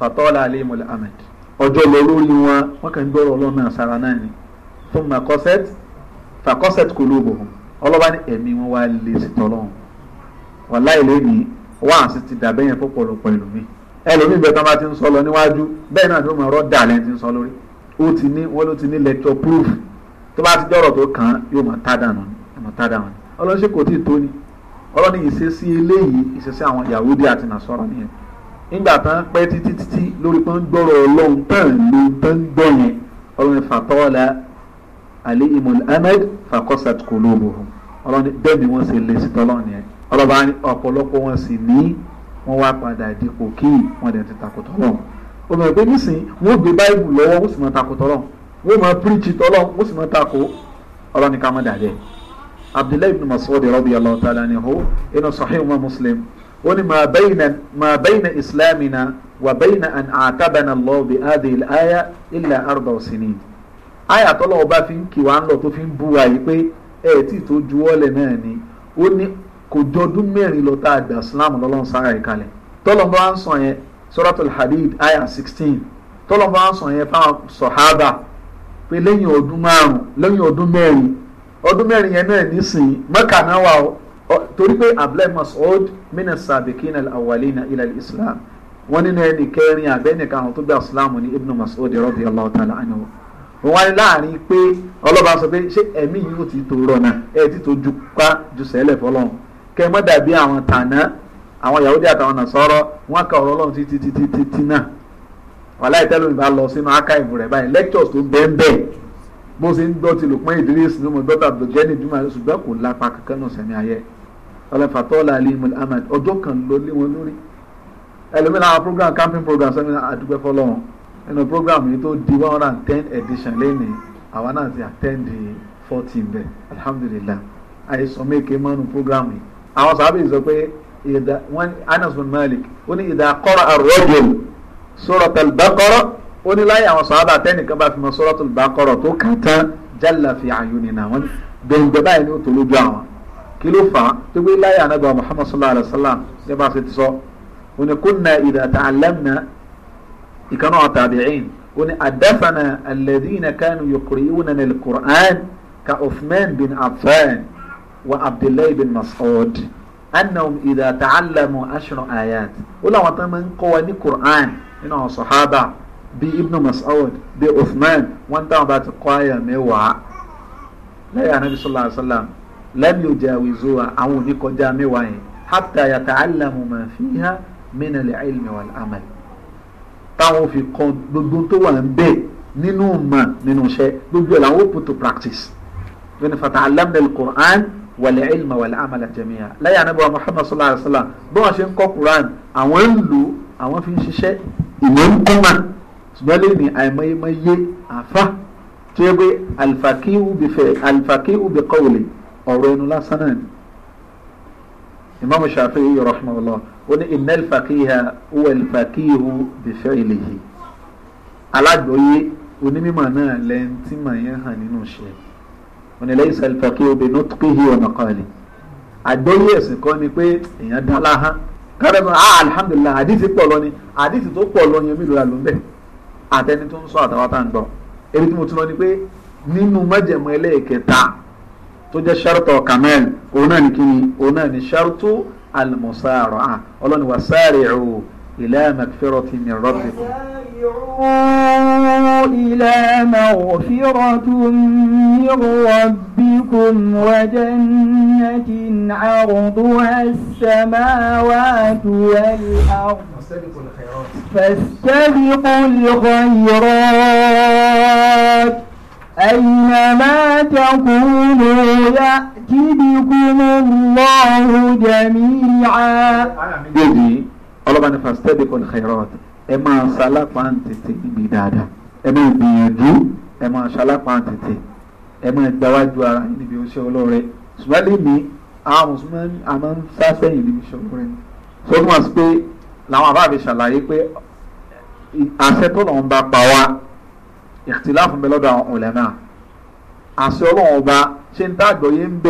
fatọ́ọ̀lá aleyhimul amad ọjọ́ lọ lórí wọn wọ́n kàn gbọ́rọ̀ ọlọ́run náà sára náà ni fún makọ́sẹ́t fakọ́sẹ́t kò ọlọ́ba ní ẹ̀mí wọn wá lè sí tọ́lọ́run wàláì lẹ́yìn wáàsí ti dàbẹ́ yẹn fọ́pọ̀lọpọ̀ ẹlòmíì ẹlòmíì bẹ́ẹ̀ tó bá ti ń sọ lọ níwájú bẹ́ẹ̀ náà ló mọ̀ ọ̀rọ̀ dà lẹ́yìn ti ń sọ lórí ó ti ní wọ́n ló ti ní lecture proof tó bá ti dọ̀rọ̀ tó kàn án yóò mọ̀ tá dànù yóò mọ̀ tá dànù ọlọ́ṣẹ́ kò tí ì tó ni ọlọ́ni ìṣesí eléyìí ìṣesí àwọn Yahudi àti Nasara nìyẹn nígbà tá pẹ́ títí títí lórí ọlọ́ba ọ̀pọ̀lọpọ̀ wọn sì ní wọ́n wá padà dípò kí wọ́n dẹ̀ ti takòtò lọ. o mọ̀ pé nísìnyí wọ́n gbé báìbù lọ́wọ́ wọ́n sì mọ̀ takòtò lọ wọ́n mọ̀ píríkì tọ́lọ́ wọ́n sì mọ̀ takò ọlọ́ni ká mọ̀ dàbẹ́. abdullahi ibn masoud radiyallahu ta'ala anhu inú sahih wa muslim ó ní ma bayna islamina wa bayna an àtàbànà lọ́wọ́ bi adìyẹ aya illa arba sinin àyà tọ́lọ́ ọba fi ń kí wa ń lọ tó fi ń bú wa pé ẹ̀ẹ́tì tó juwọ́lẹ̀ náà ni ó ní kò jọ ọdún mẹ́rin lọ tá a gbà islam lọ́lọ́run sára rẹ̀ kalẹ̀ tọ́lọ́mọ́ à ń sọ yẹn suratul hadid aya sixteen tọ́lọ́mọ́ à ń sọ yẹn fáwọn sọ̀hábà pé lẹ́yìn ọdún márùn lẹ́yìn ọdún mẹ́rin ọdún mẹ́rin yẹn náà nísìnyí mẹ́kà náà wà ó torí pé abdullahi masoud mina sabikin al-awwalina ila islam wọ́n nínú ẹni kẹrin abẹ́nìkan àwọn tó gbà islam ní ibnu masoud radiyallahu ta'ala anhu wọ́n wáyé láàrin pé ọlọ́ba sọ pé ṣé ẹ̀mí yìí ò ti tó rọ̀ náà ẹ̀ ti tó ju pa ju sẹ́lẹ̀ fọlọ́run kẹ mọ́ dàbí àwọn tàná àwọn Yahudi àtàwọn Nasara wọ́n ka ọ̀rọ̀ Ọlọ́run títí títí títí náà wàhálà ìtẹ́lómi bá lọ sínú archive rẹ̀ báyìí lectures tó bẹ́ẹ̀ bẹ́ẹ̀ bó ṣe ń gbọ́ ti Lukman Idris ní mo dọ́tà abdulgeni juma ṣùgbọ́n kò lápá kankan náà sẹ́mi ayẹ ọlọ́fàtọ́lá alimul amad ọjọ́ kan ló lé wọn lórí ẹlòmínà àwọn program camping program sẹ́mi àdúgbẹ́ fọlọ́run nínú program yìí tó di one hundred and ten edition lẹ́nìí àwa náà ti attend the fourteen bẹ́ẹ̀ alhamdulillah àìsàn mẹ́kẹ́ mọ́nu program yìí àwọn sábà sọ pé wọn Anas bin Malik ó ní idha qara'a ar-rajul suratul Baqara ó ní láyé àwọn sábà tẹ́nìkan bá fi mọ suratul Baqara tó kà tán jalla fi ayunina wọn gbẹ̀ngbẹ̀ báyìí ni ó tó lójú àwọn kí ló fà á tó gbé láyé anábà Muhammad sallallahu alayhi wa sallam ní bá ṣe ti sọ ó ní kunna idha ta'allamna ìkànnà ọ̀tàbíyìn ó ní àdáfànà alladhina kanu yuqri'una al-Qur'an ka Uthman bin Affan. وعبد بن مسعود أنهم إذا تعلموا عشر آيات ولا وطن قواني القرآن إنه صحابة بابن مسعود بعثمان وانت بعد قاية ميوعة لا يا نبي صلى الله عليه وسلم لم يجاوزوها أو نكوجا ميوعة حتى يتعلموا ما فيها من العلم والعمل táwọn fi kan gbogbo tó wà ń bẹ nínú gbogbo ẹ làwọn ó put to practice. bẹ́ẹ̀ni fata alamdel Quran wàlẹ̀ ilma wàlẹ̀ amala jẹ̀míà lẹ́yìn anábọ̀ muhammad sallallahu alayhi wa sallam bí wọ́n ṣe ń kọ́ quran àwọn ń lò àwọn fi ń ṣiṣẹ́ ìwé ń kúnmà ṣùgbọ́n lè ní àìmọye àfa tí ó gbé alifakihu bi qawli ọ̀rọ̀ ẹnu lásán náà ni imaamu shafi'i rahimahullah ó ní inna alifakiha huwa alifakihu bi fi'lihi alágbóyè onímọ̀ náà lẹ́yìn tí màá yẹn hàn nínú ṣe wọn ni lẹ́yìn sàlìfàkì obìnrin tó kéhì ọ̀nà kan lè àgbọ́yé ẹ̀sìn kan ni pé èèyàn dá láhán kárẹ́ mọ́ ah alhamdulilah àdìsí pọ̀ lọ ni àdìsí tó pọ̀ lọ yẹn mi lóra ló ń bẹ̀ àtẹni tó ń sọ àtàwọn tá ń gbọ́ èyí tí mo tún lọ ni pé nínú májẹ̀mú ẹlẹ́ẹ̀kẹta tó jẹ́ ṣẹ́rùtọ̀ kamel òun náà ni kíni òun náà ni ṣẹ́rùtù almusaara ọlọ́ni wa sari'u إلى مغفرة من ربكم
إلى مغفرة من ربكم وجنة عرضها السماوات والأرض فاستبقوا الخيرات أينما تكونوا يأتي بكم
الله جميعا ọlọ́ba ní fastabiqul khairat ẹ máa ṣalápá tètè níbi dáadáa ẹ máa gbìyànjú ẹ máa ṣalápá tètè ẹ máa gbáwájú ara yín níbi oṣù ọlọ́rẹ́ ṣùgbọ́n lèmi àwọn mùsùlùmí a máa ń sá sẹ́yìn níbi oṣù ọlọ́rẹ́ sọdún wá sí pé làwọn àbá àbí ṣàlàyé pé àṣẹ tó lọ́n bá pa wá ikhtilafu bẹ lọ́dọ̀ àwọn ulama àṣẹ ọlọ́run ọba ṣé ń dàgbọ́ yé ń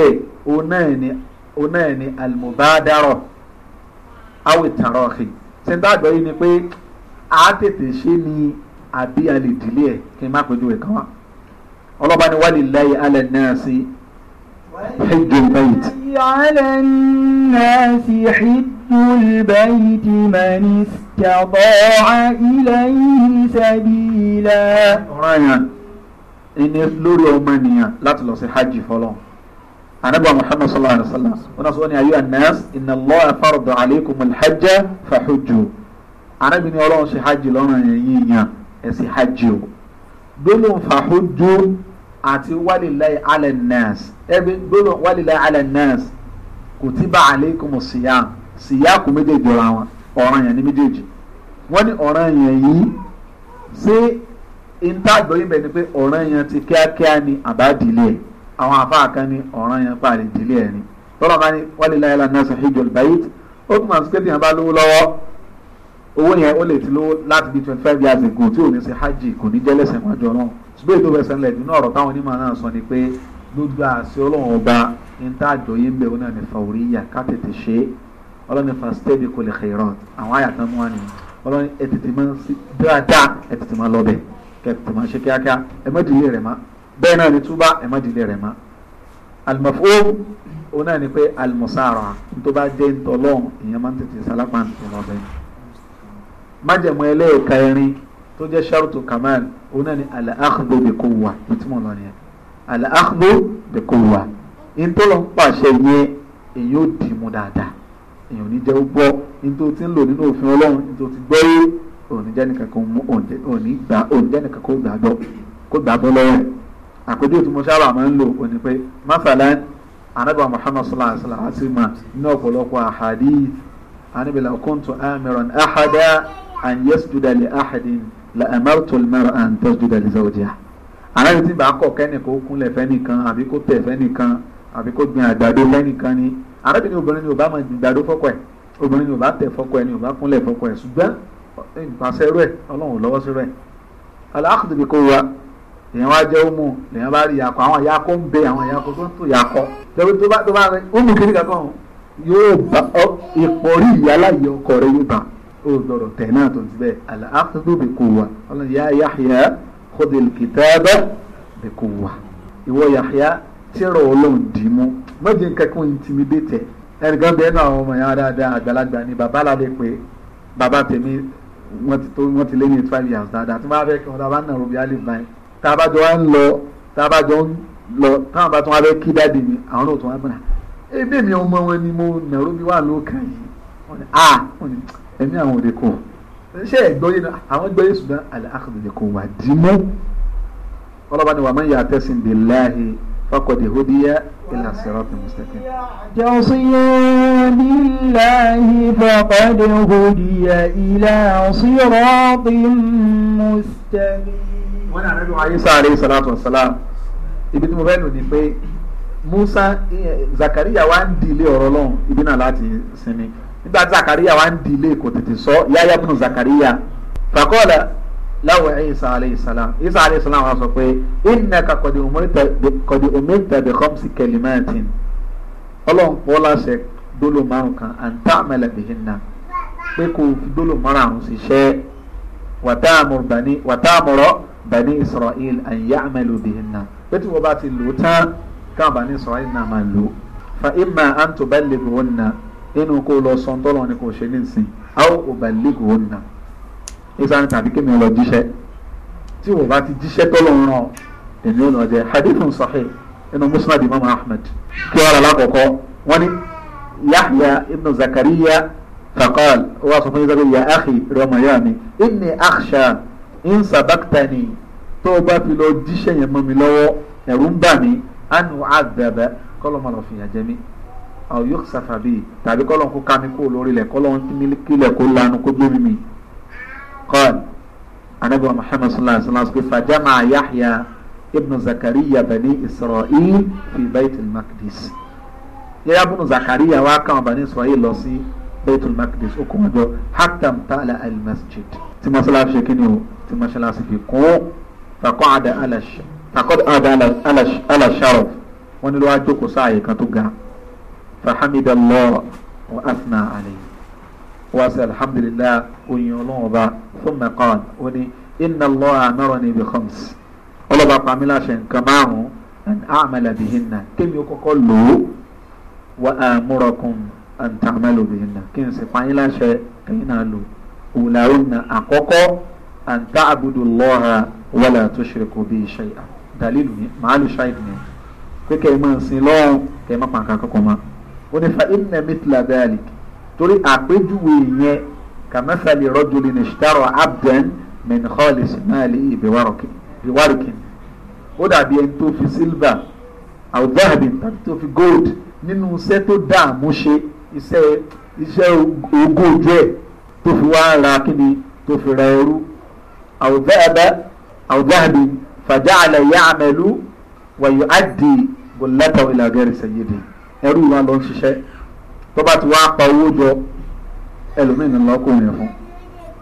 awé tààrọ̀ ọ̀hìn sẹ́ńtà àgbẹ̀ yìí ni pé a tètè ṣe ni àbí a lè dìlé ẹ̀ kí n má pẹ́jú ẹ̀ kàn wá ọlọ́ba ni wà lillahi ala nasi hijjul bayt.
ala nasi hijjul bayt man istata'a ilayhi sabila.
ọ̀ràn yẹn ẹni lórí ọmọ ènìyàn láti lọ sí hajj fọlọ́n anabi muhammad sallallahu alaihi wa sallam wọn sọ wọn ni ayu anas inna allah farada aleikum alhajja fahujju anabi ni ọlọ́run ṣe hajj lọ́rùn ẹ̀yìn yàn ẹ ṣe hajj o gbólóhùn fahujju àti walilayi ala nas ẹbí gbólóhùn walilayi ala nas kutiba aleikum siyam síyáàkù méjèèjì ọ̀ràn wọn ọ̀ràn yẹn ní méjèèjì wọ́n ní ọ̀ràn yẹn yìí ṣé ìntàgbọ́yìn bẹ̀ ni pé ọ̀ràn yẹn ti kíákíá ni àbádìlẹ̀ ẹ̀ àwọn àfáà kan ní ọ̀ràn yẹn parí ìdílé ẹ̀ ni tọ́lọ̀ bá ní wọ́n lè láyé lánàá sọ hijol bayit ó tún máa ń sọ́kẹ́ tìyàn bá lówó lọ́wọ́ owó yẹn ó lè ti lówó láti bí twenty five years ago tí ò ní ṣe hajj kò ní jẹ́lẹ̀sẹ̀ wọn jọ náà ṣùgbọ́n ètò ìfẹsẹ̀ ńlẹ̀ nínú ọ̀rọ̀ táwọn onímọ̀ náà sọ ni pé gbogbo àṣẹ ọlọ́run ọba ní tá àjọ yìí bẹ̀ wọn náà ní fàwóríyà ká bẹ́ẹ̀ náà ni túbà ẹ̀ má dilẹ̀ rẹ̀ mọ́ alimọ̀fóòm òun náà ni pé alimusaara tó bá jẹ́ ntọ́lọ́n ìyẹn máa ń tètè sálápá ntọ́lọ́ bẹ́ẹ̀ májẹ̀mú ẹlẹ́ẹ̀ka irin tó jẹ́ sharutu kamal òun náà ni alaakhdo bi quwwa ìtumọ̀ lọ nìyẹn alaakhdo bi quwwa ntọ́lọ́ ń pàṣẹ yẹn èyí ó dì mú dáadáa èyí ò ní jẹ́ gbọ́ nítorí tí ń lò nínú òfin ọlọ́run nítorí ti gbọ́ yé òní jẹ́ nìkan kó gbàgbọ́ lọ́wọ́ àpèjúwe tí mo sábà máa ń lò ó ní pé masalan anabi muhammad sallallahu alaihi wa sallam àti ma ní ọ̀pọ̀lọpọ̀ ahadith anabi la kuntu amiran ahada an yasjuda li ahadin la amartu almar'a an tasjuda li zawjiha anabi tí bá kọ̀ kẹ́nìkan ó kúnlẹ̀ fẹ́nìkan àbí kó tẹ̀ fẹ́nìkan àbí kó gbin àgbàdo fẹ́nìkan ni anabi ni obìnrin ni ò bá máa gbin àgbàdo fọ́kọ ẹ̀ obìnrin ni ò bá tẹ̀ fọ́kọ ẹ̀ ni ò bá kúnlẹ̀ fọ́kọ ẹ̀ ṣùgbọ́n ìpàṣẹ rẹ̀ ọlọ́run lọ́wọ́ sí rẹ̀ aláàkùdùbí kò wá èèyàn wá jẹ́ ọmọ lèèyàn bá rí yakọ àwọn yakọ ń bẹ àwọn yakọ tó ń tó yakọ tó bá tó bá rẹ ọmọ kiri kankan yóò bá ìpọ̀rí ìyá láyé ọkọ rẹ yóò bá ó gbọ́dọ̀ tẹ̀ náà tó ti bẹ́ẹ̀ àlàáfíà bẹ kó wa ọlọ́run yá Yahya kódé kìtàbà bẹ kó wa ìwọ Yahya tíra ọlọ́run dì mú mọ́jì kankan intimidate ẹnìkan bẹ́ẹ̀ náà àwọn ọmọ yàrá dáadáa àgbàlagbà ni bàbá aládé pé bàbá tèmi wọ́n ti lé ní twelve years dáadáa tí wọ́n bá fẹ́ kí wọ́n dábàá náà rògbì alif báyìí tá a bá jọ wá ń lọ tá a bá jọ ń lọ táwọn bá tún wá fẹ́ kí dáàdì mi àwọn náà tún wá bọ̀nà ebi mi ọmọ wọn ni mo nàró mi wà lókàn yìí wọn ni a ah! wọn ni ẹ̀mí àwọn òde kù ṣé ẹ̀gbọ́yé náà àwọn gbọ́yé ṣùgbọ́n àlẹ́ àkàtúndì kò wà dì mọ́ ọlọ́ba ni wà máa yà tẹ́sìn dè láàyè faqad hudiya ila siratin mustaqim.
Tawsiyan billahi faqad hudiya ila siratin mustaqim
wọ́n ní anabi wáyé sáré salatu wasalam ibi tí mo fẹ́ nù ni pé musa zakariya wa ń di ilé ọ̀rọ̀ lọ́hùn ibi náà láti sinmi nígbà tí zakariya wa ń di ilé kò tètè sọ yáyá bùnú zakariya fàkọ́ọ̀lá láwọn ẹ̀yìnsá aleyhisalaam isa aleyhisalaam wa sọ pé innaka kọ̀dí omeita bi khamsi kẹlímẹ́tìn ọlọ́run pọ́lá ṣe dólò márùn kan àǹtá àmẹ́lẹ̀bìhìn náà pé kò fi márùn àrùn ṣiṣẹ́ wàtá àmọ̀rọ̀ bani israel an ya'malu bihinna pé tí wọ́n bá ti lò ó tán káwọn bani israel náà máa lò ó fa imma an tuballighuhunna inú kó lọ sọ ń tọ́lọ́ ni kò ṣe ní ìsìn aw uballighuhunna ìsàn tàbí kí mi lọ jíṣẹ́ tí wọ́n bá ti jíṣẹ́ tọ́lọ́ ń ràn èmi ò lọ hadithun sahih inú musnad imam ahmed kí wọ́n rà lákòókò wọ́n yahya ibnu zakariya faqal wọ́n sọ fún yín zakariya akhi rọmọyàmí inni ń sàbákítà ni tó o bá fi lọ díṣẹ́ yẹn mọ́ mi lọ́wọ́ ẹ̀rù ń bà mí ánú àgbẹ̀bẹ̀ kọ́lọ́ máa lọ fìyà jẹ mí àwọn yóò sàfà bíi tàbí kọ́lọ́ kó ká mi kó lórí lẹ̀ kọ́lọ́ ń tìmí kílẹ̀ kó lanu kó gbé mi mi. kọ́ọ̀lù anabi muhammad sallallahu alaihi wa sallam fàjámà yahya ibnu zakariya bani israel fi baitul makdis yaya bunu zakariya wa kan bani israel lọ sí baitul makdis ó kó hatam taala al masjid tí mọ́sálásí ṣe kí ni o tí mọ́ṣáláṣí fi kún takọ́ àdá aláṣàrọ̀ wọ́n ní ló wá jókòó sáàyè kan tó ga fahamidallah wa asna alayhi wa sẹ alhamdulillah oyin ọlọ́wọ́ba fún mẹ́kàn ó ní inna allah amarani bi khams ọlọ́ba pàmílàṣẹ nǹkan márùn-ún an amala bihinna kémi ó kọ́kọ́ lò ó wa amurakum an ta'malu bihinna kí n sì pàmílàṣẹ ẹ̀yin lò òun làwọn àkọ́kọ́ an ta'budu Allaha wala tushriku bihi shay'a dalilu ni màálù ṣáì ni pé kẹ́ ẹ máa sin lọ́wọ́ kẹ́ ẹ má pa nǹkan kankan mọ́ ó ní fa inna mithla dhalik torí àpéjúwe yẹn kàmẹ́sàlì rajulin ishtara abdan min khalis malihi biwarikin ó dàbí ẹni tó fi silver aw dhahabin tàbí tó fi gold nínú iṣẹ́ tó dààmú ṣe iṣẹ́ iṣẹ́ ogójú ẹ̀ tó fi wá ra kíni tó fi ra ẹrú أو ذهب أو ذهب فجعل يعمل ويؤدي غلته إلى غير سيده ẹrú wa lọ ṣiṣẹ́ tó bá ti wá pa owó jọ ẹlòmíì ni lọ́kùnrin fún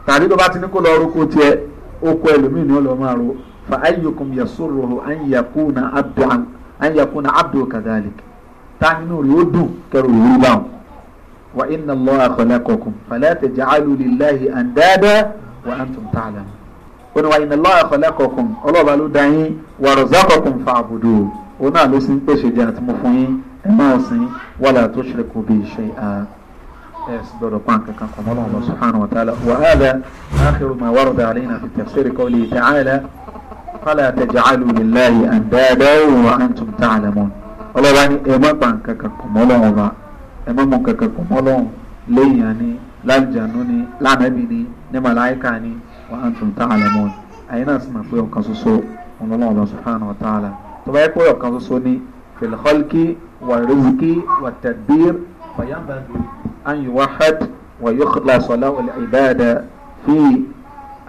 tàbí tó bá ti ní kó lọ roko tiẹ̀ oko ẹlòmíì ni ó lọ máa ro fa ayyukum yasurruhu an yakuna abdu an yakuna abdu kadhalik ta nínú rẹ̀ ó dùn kẹrù rẹ̀ báwọn. wa inna allaha khalaqakum fala taj'alu lillahi andada wa antum ta'lamun ó ní wa inna Allaha khalaqakum ọlọ́ọ̀bá ló dá yín wa razaqakum fa'budu òun náà ló sì ń pèsè jẹ àti mo fún yín ẹ máa sìn wala tushriku bihi shay'an ẹ sì gbọdọ̀ pa nǹkan kan kọ̀mọ́ lọ́wọ́ subhanahu wa ta'ala wa hadha akhiru ma warada alayna fi tafsiri qawlihi ta'ala fala taj'alu lillahi andadan wa antum ta'lamun ọlọ́ba ní ẹ má pa wa antum ta'lamun àyìn náà sì mọ̀ pé ọ̀kan ṣoṣo ọlọ́wọ́n bá subhanahu wa ta'ala tó bá yẹ pé ọ̀kan ṣoṣo ni fil khalqi wà rizqi wà tadbir fa yanbaghi an yuwahhad wa yukhlasa lahu al-ibada fi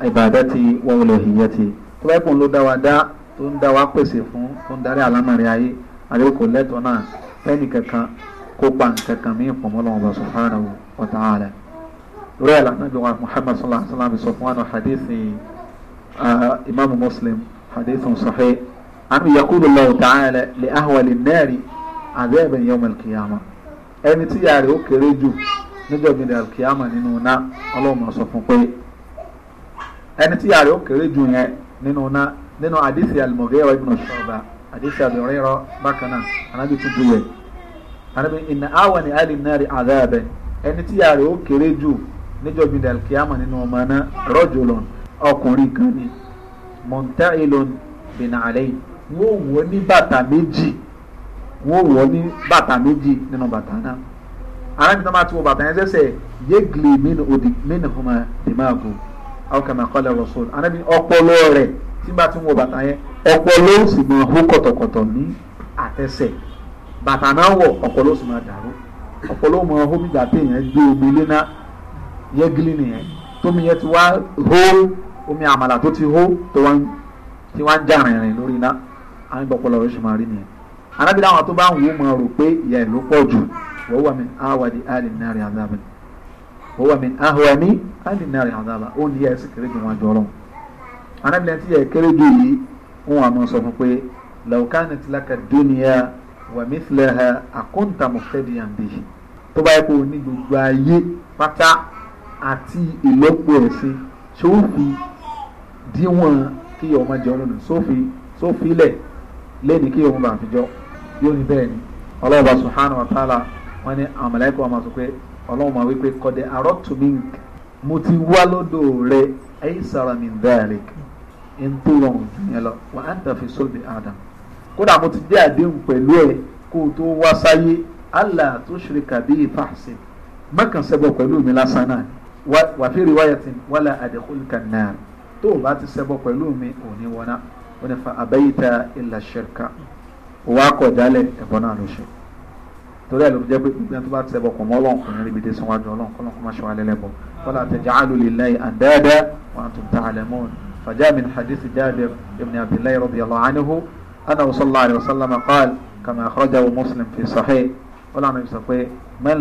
ibadati wa uluhiyyati tó bá yẹ pé òun ló dá wa dá tó ń dá wa pèsè fún tó ń darí àlámọ̀rẹ́ ayé àdéhùkò lẹ́tọ̀ọ́ náà fẹ́nì kankan kó pa nǹkan kan mí ìfọ̀mọ́lọ́wọ́n bá subhanahu wa ta'ala rẹ́ẹ̀ lànàbí wa muhammad sallallahu alayhi wa sallam sọ fún wa nù hadithi ah, imaamu muslim hadithun sahih anu yakulu allah ta'ala li ahwali nari azaban yawm al-qiyamah ẹni tí yàrá ó kéré jù níjọ́ gbẹ̀dẹ̀ alkiyama nínú iná ọlọ́run máa sọ fún pé ẹni tí yàrá ó kéré jù yẹn nínú iná nínú àdìsí al-Mughira ibn Shu'ba àdìsí àlùrẹ́rọ bákan náà anábì tuntun yẹ anábì inna awani ali nari azaban ẹni tí yàrá ó kéré jù níjọba ìdàlùkìyàmọ nínú ọmọ náà rọjòlọn ọkùnrin kan ni mọ̀ntá ìlọn bìnàlẹ́ wọ́n wọ́ ní bàtà méjì wọ́n wọ́ ní bàtà méjì nínú bàtà náà arábìnrin náà máa ti wọ bàtà yẹn sẹ́sẹ̀ yéglè mínú òdì mínú ọmọ dèmáàgò àwọn kàmá kọ́lẹ̀ rọ̀ṣọ́l arábìnrin ọpọlọ rẹ̀ tí bá ti wọ bàtà yẹn ọpọlọ ó sì máa hó kọ̀tọ̀kọ̀tọ̀ ní àtẹsẹ̀ bàtà náà wọ̀ ọpọlọ sì máa dàrú ọpọlọ máa hó nígbà téèyàn gbé omi lé náà yẹgili nìyẹn tómi yẹn ti wá hó omi àmàlà tó ti hó tó wá ti wá ń jà rìnrìn lórí iná àwọn ìbọ̀pọ̀lọ̀ rẹ̀ ṣe máa rí nìyẹn anábì láwọn tó bá ń wò máa rò pé ìyà ìlú pọ̀ jù wọ́n wà mí áwàdí àlè nàrí àdábà wọ́n wà mí áwàdí àlè nàrí àdábà ó ní ẹ̀sìn kéré jù wọn jọ lọ́wọ́ anábì lẹ́yìn tí ìyà kéré jù yìí wọn àmọ́ sọ fún pé làwùkánì tìlákà dúnìyà wà mí tìlẹ̀ àkóńtà mọ̀fẹ́dìyàn bì tó bá yẹ kó o ní gbogbo ayé pátá àti ìlọ́po ẹ̀ sí ṣó fi díwọ̀n kí ọmọ jẹun nù sófi sófilẹ̀ lẹ́ni kí ọmọ bá fi jọ yóò ní bẹ́ẹ̀ ni ọlọ́ọ̀bà subhanahu wa ta'ala wọn ni àwọn màláíkà wọn máa sọ pé ọlọ́run máa wí pé kọ́dẹ̀ arọ́tùmíǹk mo ti wá lọ́dọ̀ rẹ ẹ̀yìn sara mi dhalik ń tó rọrùn jù yẹn lọ wà á ń tà fi sọ́ọ̀bì adam kódà mo ti dé àdéhùn pẹ̀lú ẹ kó o tó wá sáyé allah tushrika bi fahsin mọ́kàn sẹ́bọ̀ pẹ̀lú mi lásán náà ni wàfi riwayatin wala adkhulka an-nar tó o bá ti ṣẹbọ pẹ̀lú mi ò ní wọná ó ní fa abayta illa shirka wà á kọ̀ jálẹ̀ ẹ̀bọ náà ló ṣe torí ẹ̀ ló jẹ́ pé gbígbẹ́ tó bá ti ṣẹbọ pọ̀ mọ́ ọlọ́run kò ní rí ibi dé síwájú ọlọ́run kọ́ lọ́kọ́ má ṣe wà lẹ́lẹ́bọ̀ wala taj'alu lillahi andada wa antum ta'lamun فجاء من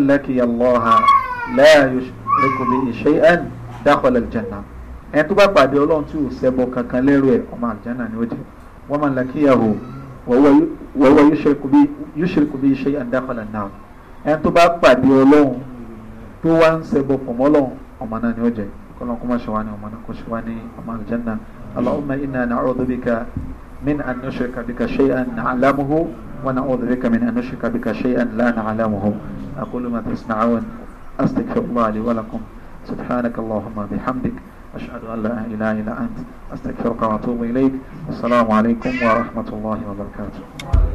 minkum minni shay'an dakhala al-jannah ẹ̀ tó bá pàdé ọlọ́run tí ò ṣẹbọ kankan lẹ́rù ẹ̀ ọmọ àlùjánnà ni ó jẹ́ wa man ń ṣẹbọ pọ̀ mọ́ ṣe wá ṣe wá ní ọmọ àlùjánnà Allahumma inna na'udhu bika min an nushrika ونعوذ بك من أن نشرك بك شيئا لا نعلمه أقول ما تسمعون أستغفر الله لي ولكم سبحانك اللهم بحمدك أشهد أن لا إله إلا أنت أستغفرك وأتوب إليك والسلام عليكم ورحمة الله وبركاته